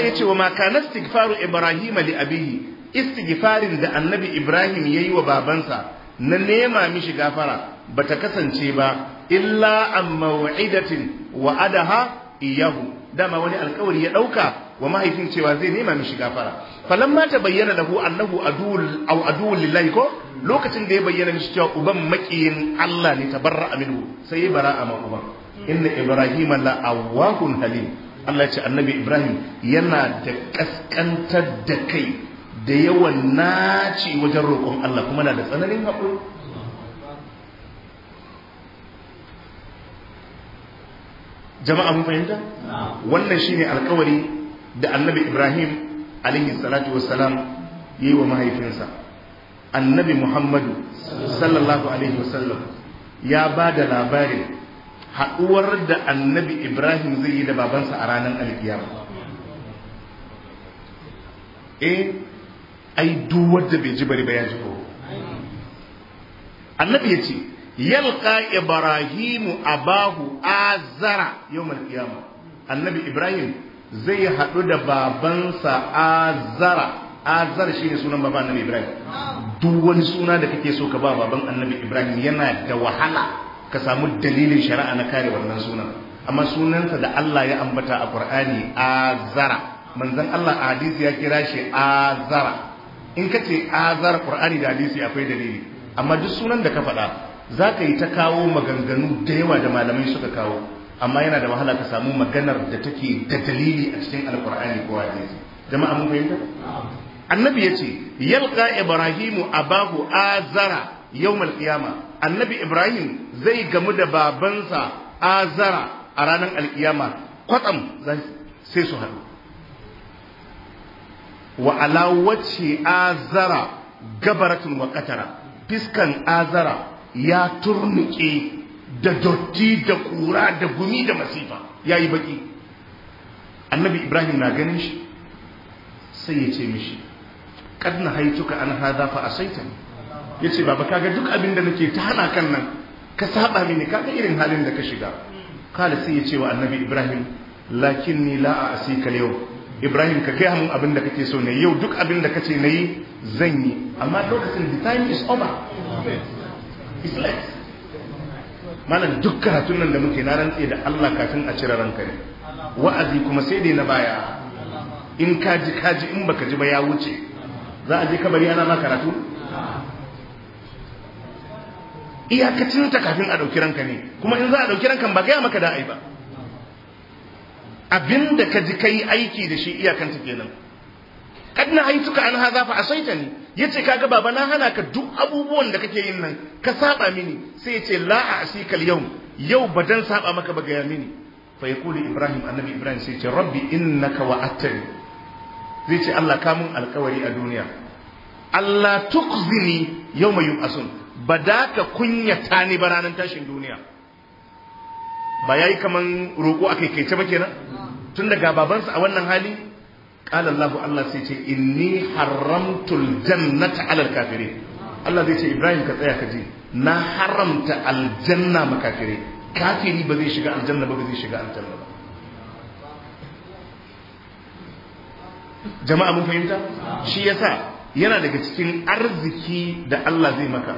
ya ce wa makanar na istighfaru Ibrahim li abihi istighfarin da annabi Ibrahim ya yi wa babansa na nema mishi gafara ba ta kasance ba illa an wa Adaha iyahu dama wani alkawari ya ɗauka wa mahaifin cewa zai nema mishi gafara falamma ta bayyana lahu annahu adul aw adul lillahi ko lokacin da ya bayyana mishi cewa uban makiyin Allah ne ta barra aminu sai ya bara a uban inna ibrahima la awwahun halim Allah ce annabi ibrahim yana da kaskantar da kai da yawan naci wajen roƙon Allah kuma na da tsananin haƙuri jama'a mun fahimta wannan shine alkawari da annabi ibrahim alaihi salatu wasalam yi wa mahaifinsa annabi muhammadu sallallahu alaihi wasallam ya ba da labarin haɗuwar da annabi ibrahim zai yi da babansa a ranar alkiyar eh ai duwar da bai ji bari ba ya ji ko annabi ya ce yalka ibrahimu abahu azara yau malkiyama annabi ibrahim zai haɗu da babansa azara azara shi ne sunan baban annabi ibrahim duk wani suna da kake so ka ba baban annabi ibrahim yana da wahala ka samu dalilin shari'a na kare wannan sunan amma sunansa da allah ya ambata a qur'ani azara manzon allah a hadisi ya kira shi azara in ka ce azara qur'ani da hadisi akwai dalili amma duk sunan da ka faɗa za ka yi ta kawo maganganu da yawa da malamai suka kawo amma yana da wahala ka samu maganar da take da dalili a cikin alkur'ani ko hadisi jama'a mun fahimta annabi yace yalqa ibrahimu abahu azara yawm alqiyama annabi ibrahim zai gamu da babansa azara a ranar alkiyama kwatsam sai su haɗu wa ala wacce azara gabaratun wa fiskan azara ya turnuke da dotti da kura da gumi da masifa ya yi baki annabi ibrahim na ganin shi sai ya ce mishi kad na haituka an hada fa asaitan ya ce baba kaga duk abin da nake ta hana kan nan ka saba mini kaga irin halin da ka shiga kala sai ya ce wa annabi ibrahim lakinni la a asika yau ibrahim ka kai mun abin da kake so ne yau duk abin da kace nayi zan yi amma lokacin the time is over it's late malam duk karatun nan da muke na rantse da Allah kafin a cire ranka ne wa'azi kuma sai dai na baya in ka ji ka ji in baka ji ba ya wuce za a je ka bari ana ma karatu iyakacin ta kafin a dauki ranka ne kuma in za a dauki rankan ba gaya maka da ai ba abinda ka ji kai aiki da shi iyakan ta kenan kadna aituka an haza fa asaitani yace kaga baba na hana ka duk abubuwan da kake yin nan ka saba mini sai yace la asika yau yau badan saba maka ba gaya mini fa yaqulu ibrahim annabi ibrahim sai ce rabbi innaka wa'atani zai ce Allah ka mun alkawari a duniya Allah tukzini yawma yub'asun badaka kunyata ni ba ranar tashin duniya ba yayi kaman roko akai kai ce ba kenan tun daga babansa a wannan hali qala Allah Allah sai ce inni haramtul jannata alal kafiri. Allah zai ce Ibrahim ka tsaya ka ji na haramta aljanna ma kafire kafiri ba zai shiga aljanna ba zai shiga aljanna ba jama'a mun fahimta shi yasa yana daga cikin arziki da Allah zai maka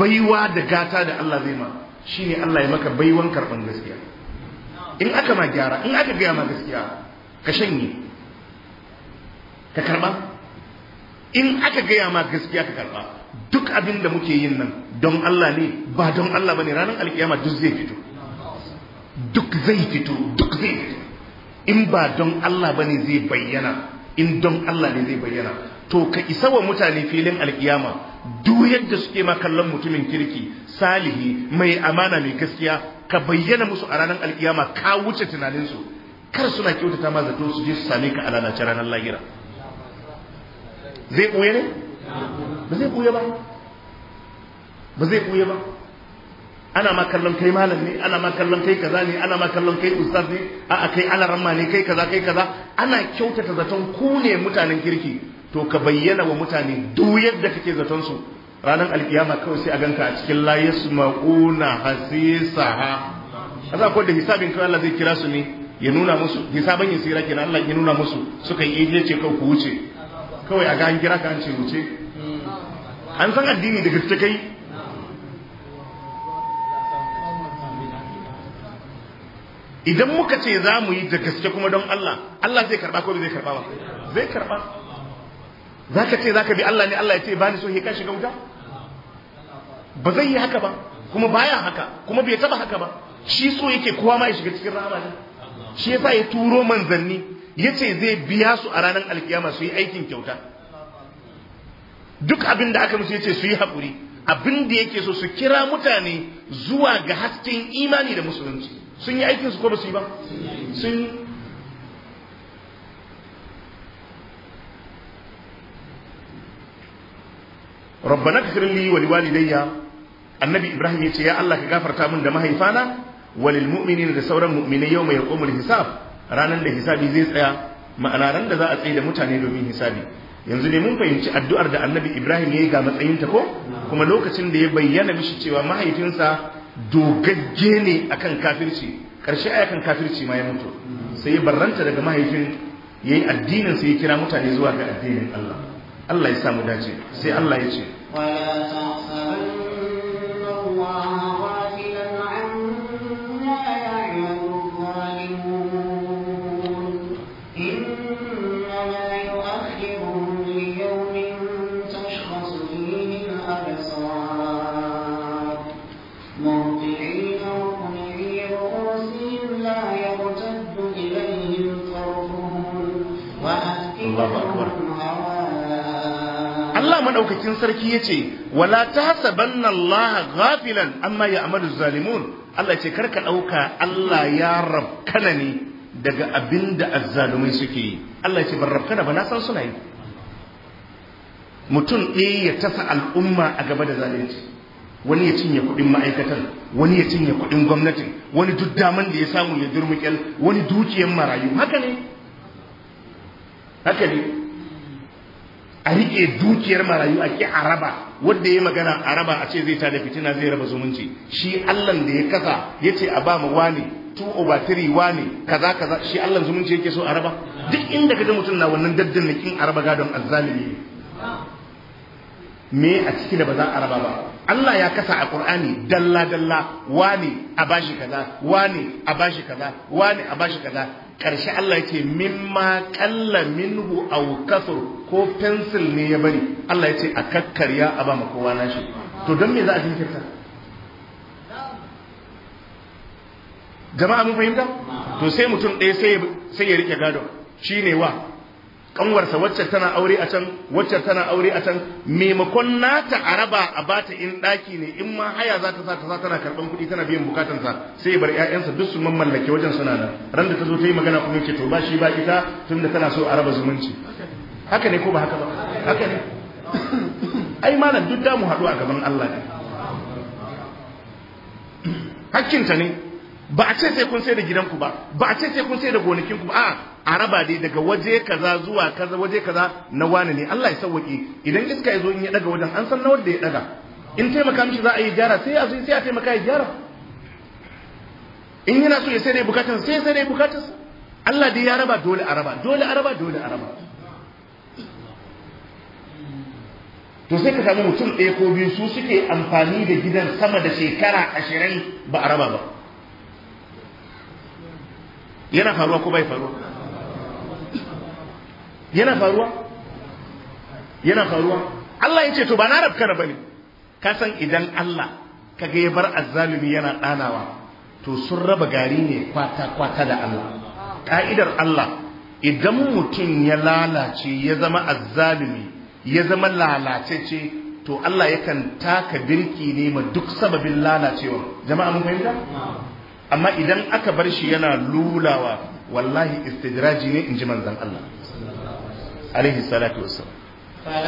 baiwa da gata da Allah zai maka shine Allah ya maka baiwan karban gaskiya in aka ma gyara in aka gaya ma gaskiya ka shanye ka karba in aka gaya ma gaskiya ka karba duk abin da muke yin nan don Allah ne ba don Allah bane ranar alkiyama duk zai fito duk zai fito duk zai fito in ba don Allah bane zai bayyana in don Allah ne zai bayyana to ka isa wa mutane filin alkiyama duk yadda suke ma kallon mutumin kirki salihi mai amana mai gaskiya ka bayyana musu a ranar alkiyama ka wuce tunaninsu kar suna kyautata ma zato su je su same ka a lalace ranar lahira zai ɓuya ne ba zai ɓuya ba ba zai ɓuya ba ana ma kallon kai malam ne ana ma kallon kai kaza ne ana ma kallon kai ustaz ne a'a kai alaramma ne kai kaza kai kaza ana kyautata zaton ku ne mutanen kirki to ka bayyana wa mutane duk yadda kake zaton su ranar alkiyama kawai sai a ganka a cikin la yasma'una hasisaha kaza ko da hisabin kai Allah zai kira su ne ya nuna musu hisaban yasira kenan Allah ya nuna musu suka yi ce kawai ku wuce kawai a ga an kira ka an ce wuce an san addini da gaske kai idan muka ce za mu yi da gaske kuma don Allah Allah zai karba ko zai karba ba zai karba za ka ce za ka bi Allah ne Allah ya ce ba ni so he ka shiga wuta ba zai yi haka ba kuma baya haka kuma bai taba haka ba shi so yake kowa ma ya shiga cikin rahama ne shi yasa ya turo manzanni Ya ce zai biya su a ranar alkiyama su yi aikin kyauta duk abin da aka musu ce su yi hakuri, abin da yake so su kira mutane zuwa ga hasken imani da musulunci sun yi aikin su ko ba su yi ba sun rabbana kafir li wa liwalidayya annabi ibrahim yace ya Allah ka gafarta min da mahaifana walil mu'minina da sauran mu'minai yawma yaqumul hisab ranar da hisabi zai tsaya ma'ana ran da za a tsaye da mutane domin hisabi yanzu ne mun fahimci addu'ar da annabi ibrahim ya yi ga matsayinta ko kuma lokacin da ya bayyana mishi cewa mahaifinsa dogagge ne akan kafirci karshe a yakan kafirci ma ya mutu sai ya barranta daga mahaifin ya yi addinin sai ya kira mutane zuwa ga addinin allah allah ya samu dace sai allah ya ce madaukakin sarki yace wala tahsabanna Allah ghafilan amma ya'malu zalimun Allah ce karka dauka Allah ya rabkana ne daga abinda azzalumai suke yi Allah ce ban rabkana ba na san suna yi mutum ɗaya ya tasa al'umma a gaba da zalunci wani ya cinye kuɗin ma'aikatan wani ya cinye kuɗin gwamnatin wani duk daman da ya samu ya durmuƙel wani dukiyar marayu haka ne haka ne a rike dukiyar marayu a ke araba wanda ya magana araba a ce zai ta da fitina zai raba zumunci shi allan da ya kasa ya ce a ba mu wani tu over tiri wani kaza kaza shi Allah zumunci yake so araba duk inda kaje mutum na wannan kin araba gadon azzalimi me a ciki da ba za a raba ba Allah ya kasa a Qur'ani dalla dalla wani a bashi kaza wani a bashi kaza wani a bashi kaza Karshe Allah yake mimma kalla minhu aw kasur ko pencil ne ya bari Allah ya ce a kakkarya a ba kowa nashi to don me za a jinkirta jama'a mun fahimta to sai mutum ɗaya sai ya rike gado shine wa kanwarsa wacce tana aure a can wacce tana aure a can maimakon nata a raba a bata in daki ne in ma haya za ta sa ta tana karban kuɗi tana biyan bukatansa sai bar ƴaƴansa duk su mamallake wajen suna nan ran da ta zo ta yi magana kuma yake to ba shi ba ita tunda tana so a raba zumunci haka ne ko ba haka ba haka ne ai malam duk da mu haɗu a gaban Allah ne hakkinta ne ba a ce sai kun sai da gidanku ba ba a ce sai kun sai da gonakinku ba a'a a raba dai daga waje kaza zuwa kaza waje kaza na wani ne Allah ya sauke idan iska ya zo in ya daga wajen an san na wanda ya daga in taimaka mishi za a yi gyara sai a zo sai a taimaka ya gyara in yana so ya sai dai bukatun sai sai dai bukatun Allah dai ya raba dole a raba dole a raba dole a raba to sai ka samu mutum ɗaya ko biyu su suke amfani da gidan sama da shekara ashirin ba a raba ba yana faruwa ko bai faruwa yana faruwa yana faruwa Allah ya ce to ba na rabka na bane ka san idan Allah kaga ya bar azzalumi yana ɗanawa to sun raba gari ne kwata kwata da Allah ka'idar Allah idan mutum ya lalace ya zama azzalumi ya zama lalacece to Allah yakan taka birki ne ma duk sababin lalacewa jama'a mun fahimta amma idan aka bar shi yana lulawa wallahi istidraji ne in ji manzon Allah alaihi salatu wassalam فلما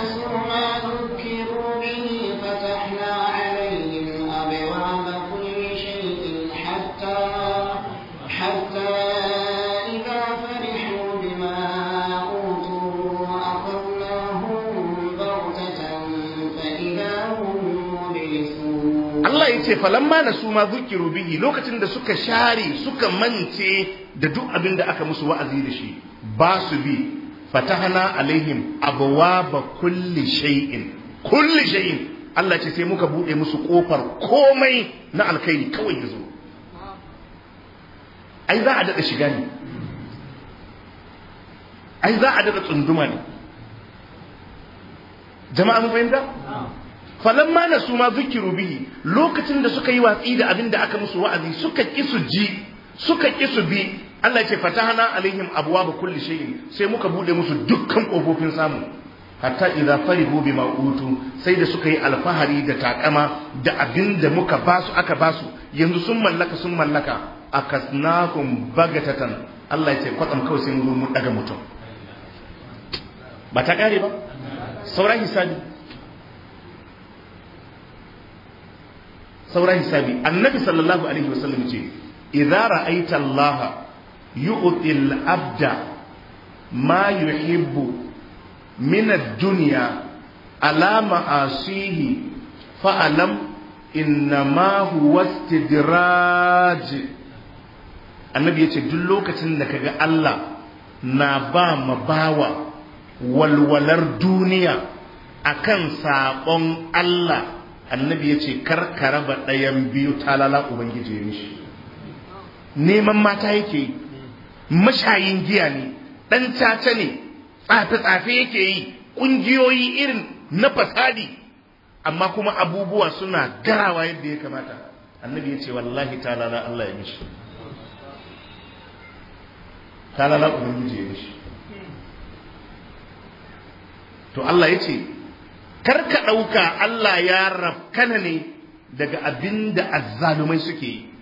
نسوا ما ذكروا به فتحنا عليهم أبواب كل شيء حتى حتى إذا فرحوا بما أوتوا أخذناهم بغتة فإذا هم مبلسون الله يتي فلما نسوا ما ذكروا به لوكتن da suka share suka mance da duk abin da aka musu wa'azi da shi ba su bi fatahna alaihim abwaba kulli shay'in kulli shay'in Allah ce sai muka bude musu kofar komai na alkhairi kawai yazo ai za a dada shiga ne ai za a dada tsunduma ne jama'a mun fahimta falamma nasu ma zikiru bihi lokacin da suka yi watsi da abin da aka musu wa'azi suka ki su ji suka ki su bi Allah ya ce fatahana alaihim abwaaba kulli shay'in sai muka bude musu dukkan kofofin samu hatta idza farihu bima utu sai da suka yi alfahari da takama da abinda muka basu aka basu yanzu sun mallaka sun mallaka akasnakum bagatatan Allah ya ce kwatsam kawai sai mun mu daga mutum ba ta kare ba sauran hisabi sauran hisabi annabi sallallahu alaihi wasallam ce idza ra'aita allaha yu'til abda ma yuhibbu min ad-dunya ala ma'asihi fa'alam innama huwa istidraj annabi yace duk lokacin da kaga Allah na ba ma bawa walwalar duniya akan sabon Allah annabi yace ka raba ɗayan biyu talala ubangiji ya mishi neman mata yake yi mashayin giya ne ɗan caca ne tsafe-tsafe yake yi ƙungiyoyi irin na fasadi amma kuma abubuwa suna garawa yadda ya kamata annabi ya ce wallahi talala Allah ya mishi talala ubangiji ya mishi to Allah ya ce karka ɗauka Allah ya rafkana ne daga abin da azzalumai suke yi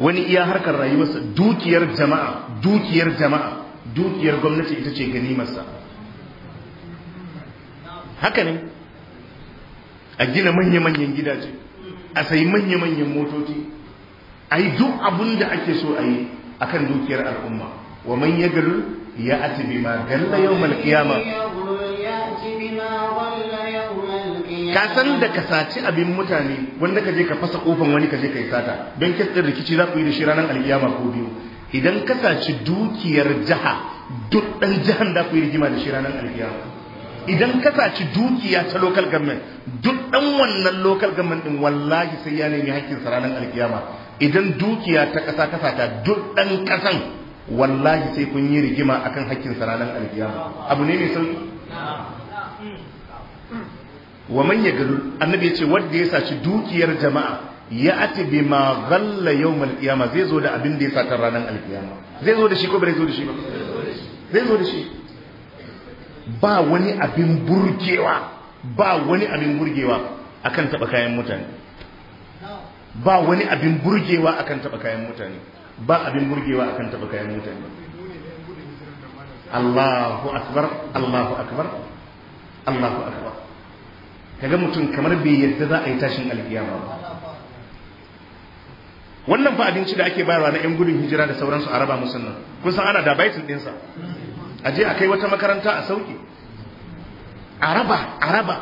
wani iya harkar rayuwarsa dukiyar jama'a dukiyar jama'a dukiyar gwamnati ita ce ganimarsa haka ne a gina manya-manyan gidaje a sayi manya-manyan motoci a yi duk abin da ake so a yi a kan dukiyar al'umma wa man ya galu ya ati bi ma galla yau malkiyama ka san da ka saci abin mutane wanda ka je ka fasa kofan wani ka je ka yi sata don kes rikici za ku yi da shi ranar alkiyama ko biyu idan ka saci dukiyar jiha duk ɗan jihar da ku yi rigima da shi ranar alkiyama idan ka saci dukiya ta local government duk dan wannan local government din wallahi sai ya nemi hakkin sa ranar alkiyama idan dukiya ta kasa kasa ta duk dan kasan wallahi sai kun yi rigima akan hakkin sa ranar alkiyama abu ne mai sauki wa man yaglu annabi ce, wanda ya saci dukiyar jama'a ya ati bi ma ghalla yawmal qiyama zai zo da abin da ya sata ranar alkiyama zai zo da shi ko bai zo da shi ba zai zo da shi ba wani abin burgewa akan taba kayan mutane Allahu Allahu Allahu Ka ga mutum kamar bai yarda za a yi tashin alkiyama ba wannan fa abinci da ake bayarwa na yan gudun hijira da sauransu a raba musu kun san ana da baitin dinsa a je a kai wata makaranta a sauke a raba a raba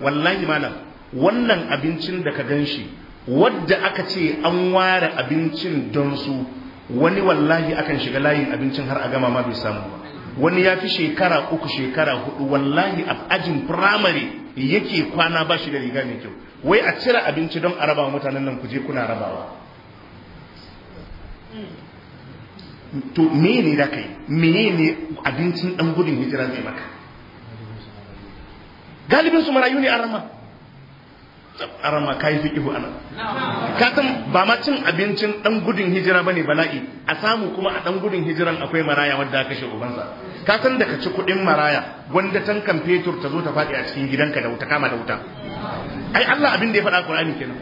wallahi malam wannan abincin da ka gan shi wadda aka ce an ware abincin don su wani wallahi akan shiga layin abincin har a gama ma bai samu ba wani ya fi shekara uku shekara hudu wallahi a ajin firamare yake kwana ba shi da riga mai kyau wai a cire abinci don a raba mutanen nan kuje kuna rabawa to me ne da kai me ne abincin dan gudun hijira zai maka galibin su marayu ne arama. rama arama kai fi ihu ana ka ba ma cin abincin ɗan gudun hijira bane bala'i a samu kuma a ɗan gudun hijiran akwai maraya wanda aka kashe ubansa ka san da ka ci kuɗin maraya wanda tankan fetur ta zo ta faɗi a cikin gidanka da wuta kama da wuta ai Allah abin da ya faɗa Qur'ani kenan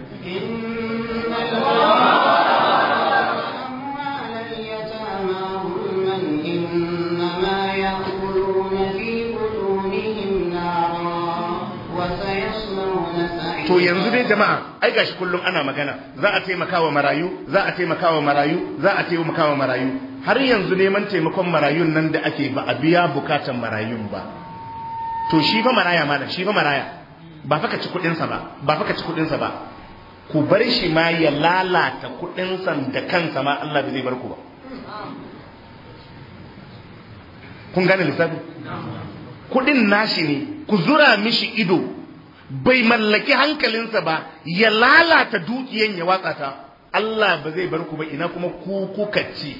to yanzu dai jama'a ai gashi kullum ana magana za a taimaka wa marayu za a taimaka wa marayu za a taimaka wa marayu har yanzu neman taimakon marayun nan da ake ba a biya bukatan marayun ba to shi fa maraya malam shi fa maraya ba fa ka ci kuɗin sa ba ba fa ka ci kuɗin sa ba ku bar shi ma ya lalata kudin sa da kansa ma Allah bai zai bar ku ba kun gane lissafi kuɗin nashi ne ku zura mishi ido bai mallaki hankalinsa ba ya lalata dukiyan ya watsa ta Allah ba zai bar ku ba ina kuma ku kuka ci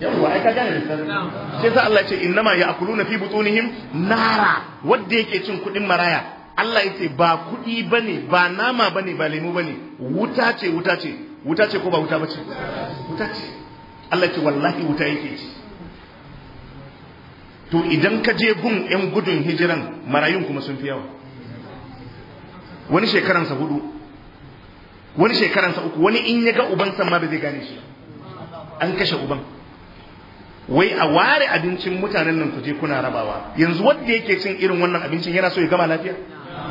yawa ai ka gane sai sai Allah ya ce innama ya'kuluna fi butunihim nara wanda yake cin kudin maraya Allah ya ce ba kuɗi bane, ba nama bane, ba lemu bane. wuta ce wuta ce wuta ce ko ba wuta ba ce wuta ce Allah ya ce wallahi wuta yake ci. to idan ka je gun yan gudun hijiran marayun kuma sun fi yawa wani shekaransa hudu wani shekaransa uku wani in ya ga ubansa ma ba zai gane shi an kashe uban wai a ware abincin mutanen nan je kuna rabawa yanzu wanda yake cin irin wannan abincin yana so ya gama lafiya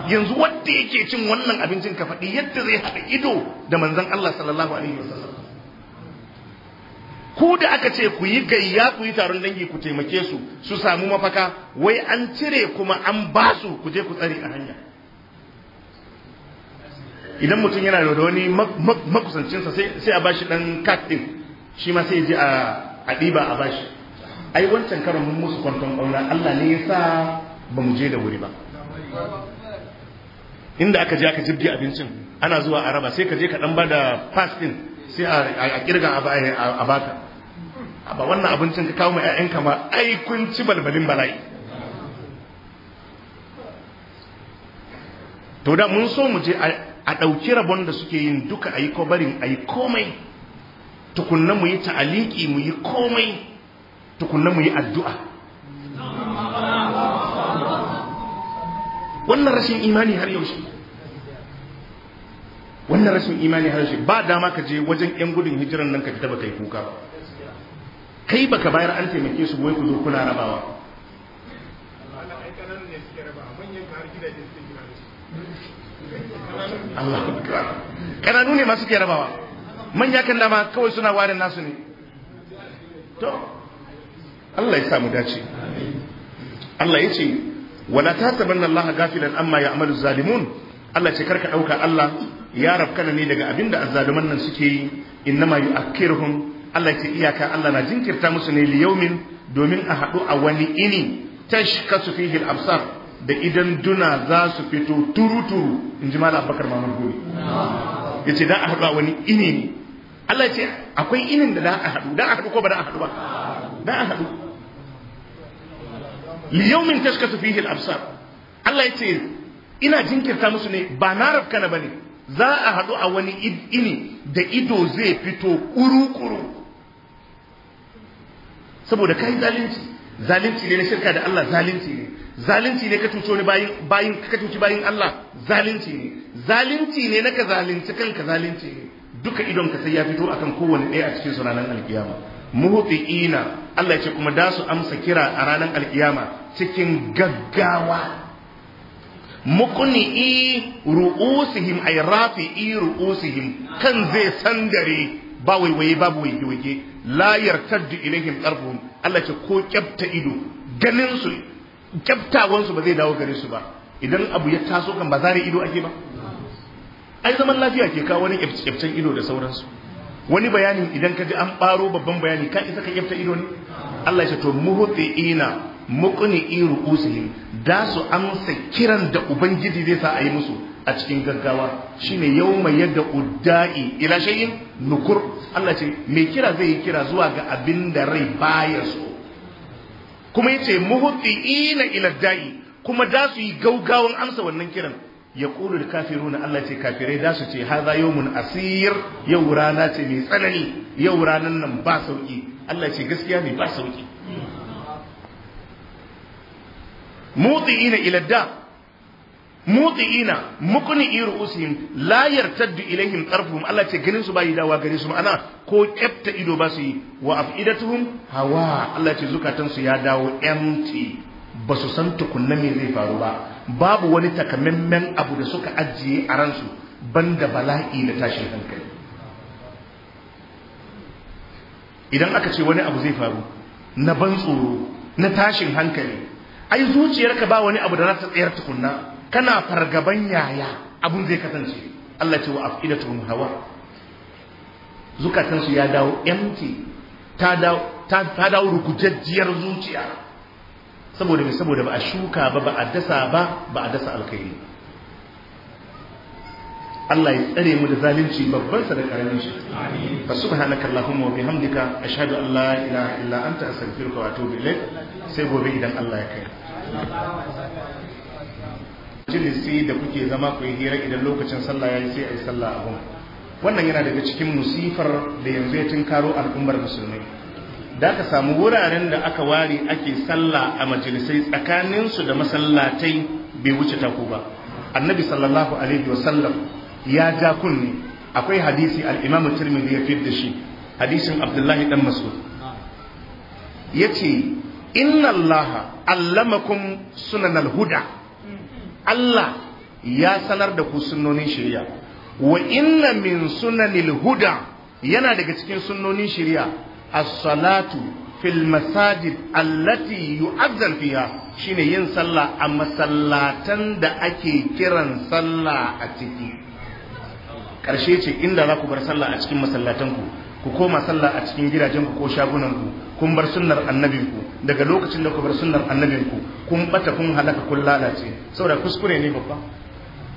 yanzu wanda yake cin wannan abincin ka faɗi yadda zai haɗa ido da manzon Allah sallallahu alaihi wasallam ku da aka ce ku yi gayya ku yi taron dangi ku taimake su su samu mafaka wai an cire kuma an ba su ku je ku tsare a hanya idan mutum yana da wani makusancinsa sai a bashi dan kat din shi ma sai je a ɗiba a bashi ai wancan karon mun musu kwanton ƙauna Allah ne ya sa ba mu je da wuri ba inda aka je aka jirgi abincin ana zuwa a raba sai ka je ka ba da pass din sai a kirga a baka ba wannan abincin ka kawo ma 'ya'yanka ma ai ci balbalin bala'i to da mun so mu je a ɗauki rabon da suke yin duka a yi kobarin a yi komai tukunna mu yi ta'aliki mu yi komai tukunna mu yi addu'a wannan rashin imani har yaushe wannan rashin imani harshe ba dama ka je wajen yan gudun hijiran nan ka fita baka yi kuka ba kai baka bayar an taimake su wai ku zo kuna rabawa Allah kananu ne masu ke rabawa manya kan dama kawai suna warin nasu ne to Allah ya samu dace Allah ya ce wala tasabanna Allah gafilan amma ya amalu zalimun Allah ce karka dauka Allah ya rafkana ne daga abinda azzaluman nan suke yi innama yu'akkiruhum Allah ce iyaka Allah na jinkirta musu ne liyaumin domin a haɗu a wani ini tashkasu fihi al-absar da idan duna za su fito turuturu in ji mala abubakar mamar gobe ya ce da a haɗu a wani ini ne Allah ce akwai inin da da a haɗu da a haɗu ko ba da a haɗu ba da a haɗu liyaumin tashkasu fihi al-absar Allah ya ce ina jinkirta musu ne ba na rafkana ba ne za a haɗu a wani ini da ido zai fito kuru-kuru saboda kai zalunci zalunci ne na shirka da Allah zalunci ne zalunci ne ka cuci wani bayin bayin ka cuci bayin Allah zalunci ne zalunci ne na ka zalunci kanka zalunci ne duka idon ka sai ya fito akan kowane ɗaya a cikin su ranar alkiyama Ina Allah ya ce kuma da su amsa kira a ranar alkiyama cikin gaggawa muqni'i ru'usihim ay rafi'i ru'usihim kan zai sandare ba waiwaye babu wai waige la yartaddu ilaihim qarfuhum Allah ce ko kyafta ido ganin su kyaftawan su ba zai dawo gare su ba idan abu ya taso kan ba zare ido ake ba ai zaman lafiya ke kawo wani kyaftan ido da sauransu wani bayanin idan ka ji an baro babban bayani ka isa ka kyafta ido ne Allah ya ce to ina. iru ru'usihim da su amsa kiran da ubangiji zai sa a yi musu a cikin gaggawa shine yawma yadda udda'i ila shay'in nukur Allah ce mai kira zai yi kira zuwa ga abin da rai baya so kuma yace ina ila da'i kuma da su yi gaugawan amsa wannan kiran ya kulu da kafiru na Allah ce kafirai da su ce haza yawmun asir yau rana ce mai tsanani yau ranan nan ba sauki Allah ce gaskiya ne ba sauki ina ila da mukuni iru ru'usihim la yartaddu ilaihim tarfuhum Allah ce ganin su bayi dawa gare su ma'ana ko kyafta ido ba su yi wa afidatuhum hawa Allah ce zukatan su ya dawo empty ba su san tukunna me zai faru ba babu wani takamaiman abu da suka ajiye a ransu banda bala'i da tashin hankali idan aka ce wani abu zai faru na ban tsoro na tashin hankali ai zuciyarka ba wani abu da za ta tsayar tukunna kana fargaban yaya abun zai kasance Allah ce wa afidatuhum hawa zukatan su ya dawo empty ta dawo ta dawo rugujajjiyar zuciya saboda me saboda ba a shuka ba ba a dasa ba ba a dasa alkhairi Allah ya tsare mu da zalunci babban sa da karamin shi amin fa subhanakallahumma wa bihamdika ashhadu an la ilaha illa anta astaghfiruka wa atubu ilaik sai gobe idan Allah ya kai majalisi da kuke zama ku yi hira idan lokacin sallah yi sai ayi sallah abun wannan yana daga cikin musifar da yanzu ya tunkaro al'ummar musulmai da ka samu wuraren da aka ware ake sallah a majalisai tsakaninsu da masallatai bai wuce taku ba annabi sallallahu alaihi wasallam ya ja kunne akwai hadisi al-imam tirmidhi ya da shi hadisin abdullahi dan mas'ud yace inna allaha allamakum sunan huda Allah ya sanar da ku sunnonin shari'a wa inna min sunanil huda yana daga cikin sunnonin shari'a as-salatu fil masajid allati yu'azzal fiha shine yin sallah a masallatan da ake kiran sallah a ciki karshe ce inda za ku bar sallah a cikin masallatan ku ku koma sallah a cikin gidajen ku ko shagunan ku kun bar sunnar annabin daga lokacin da ku bar sunnar annabin ku kun bata kun halaka kun lalace saboda kuskure ne babba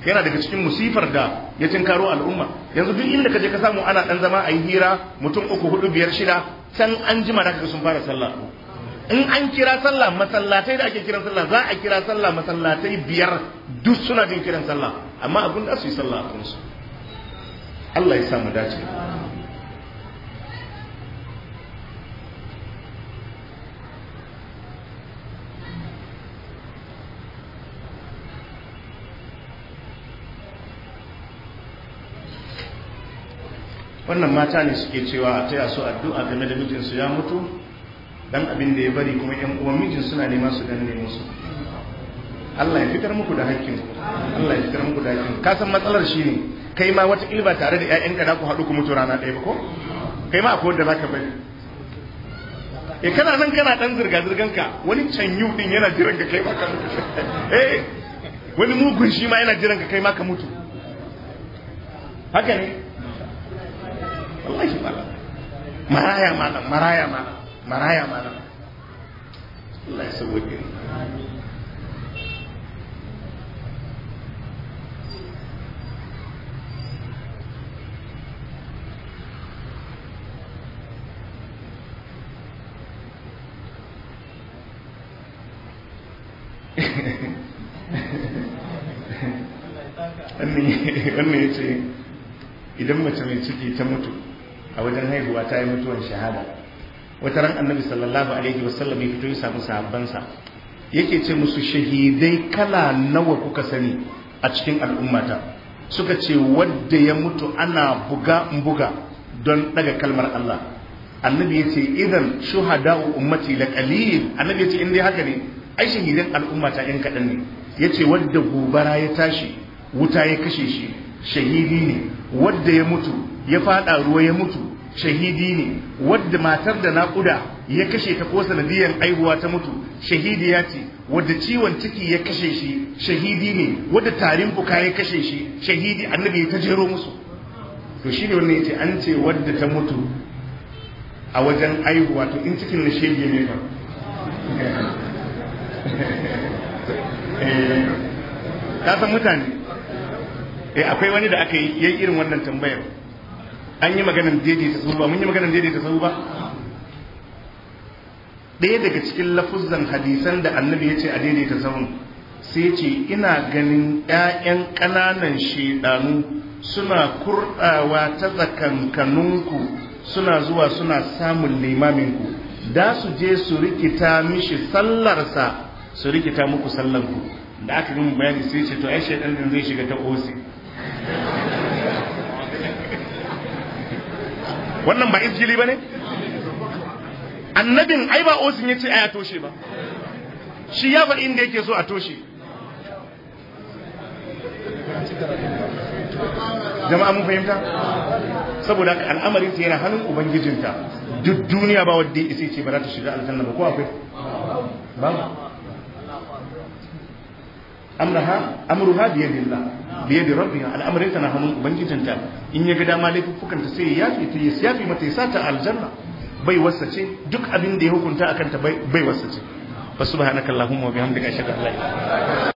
yana daga cikin musifar da ya tinkaro al'umma yanzu duk inda kaje ka samu ana dan zama a yi hira mutum uku hudu biyar shida can an jima da kaga sun fara sallah in an kira sallah masallatai da ake kiran sallah za a kira sallah masallatai biyar duk suna jin kiran sallah amma abun da su yi sallah a kansu Allah ya sa mu dace wannan mata ne suke cewa a taya su addu'a game da mijinsu ya mutu dan abin da ya bari kuma yan uwan mijin suna nema su dan nemo su Allah ya fitar muku da hakkin Allah ya fitar muku da hakkin ka san matsalar shine kai ma wata ilba tare da ka da ku haɗu ku mutu rana ɗaya ba ko kai ma akwai wanda zaka bari e kana nan kana dan zirga zirgan ka wani canyu din yana jiran ka kai ma ka mutu eh wani mugun shi ma yana jiran ka kai ma ka mutu haka ne Allah subhanahu Marah yang mana? Marah yang mana? Marah yang mana? Allah sebutin. Ini, ini sih. Idam macam ini sih, cuma tu. a wajen haihuwa ta yi mutuwan shahada wata ran annabi sallallahu alaihi wasallam ya fito ya samu sahabbansa yake ce musu shahidai kala nawa kuka sani a cikin al'ummata suka ce wadda ya mutu ana buga buga don daga kalmar Allah annabi ya ce idan shuhada ummati la qalil annabi ya ce in dai haka ne ai shahidan al'ummata yan kaɗan ne ya ce wadda gobara ya tashi wuta ya kashe shi shahidi ne wadda ya mutu ya fada ruwa ya mutu shahidi ne wadda matar da kuda ya kashe ta ko sanadiyar aihuwa ta mutu shahidi ya ce wadda ciwon ciki ya kashe shi shahidi ne wadda tarin fuka ya kashe shi shahidi annabi ya ta jero musu to shi ne wannan ce an ce wadda ta mutu a wajen aihuwa to in cikin na ne ba Ta eh, san mutane eh, akwai wani da aka yi irin wannan tambayar an yi maganar daidaita sahu ba mun yi maganar daidaita sahu ba ɗaya daga cikin lafuzan hadisan da annabi ya ce a daidaita sahun sai ce ina ganin 'ya'yan ƙananan shaidanu suna kurɗawa ta tsakankaninku suna zuwa suna samun limaminku da su je su rikita mishi sallarsa su rikita muku sallanku da aka gama bayani sai ce to ai shaidan zai shiga ta osi wannan ba izgili ba ne annabin ai ba osin ya ce ai a toshe ba shi ya faɗi inda yake so a toshe jama'a mun fahimta saboda al'amarin ta yana hannun ubangijinta duk duniya ba wadda isi ce ba za ta shiga aljanna ba ko akwai ba amruha amruha biyadillah biye da rabbiha al'amarin ta na hannun ubangijinta in ya ga dama laifukan ta sai ya yafi ta fi mata ya sata aljanna bai wasace duk abin da ya hukunta akan ta bai wasace fa subhanakallahumma wa bihamdika ashhadu an la ilaha illa anta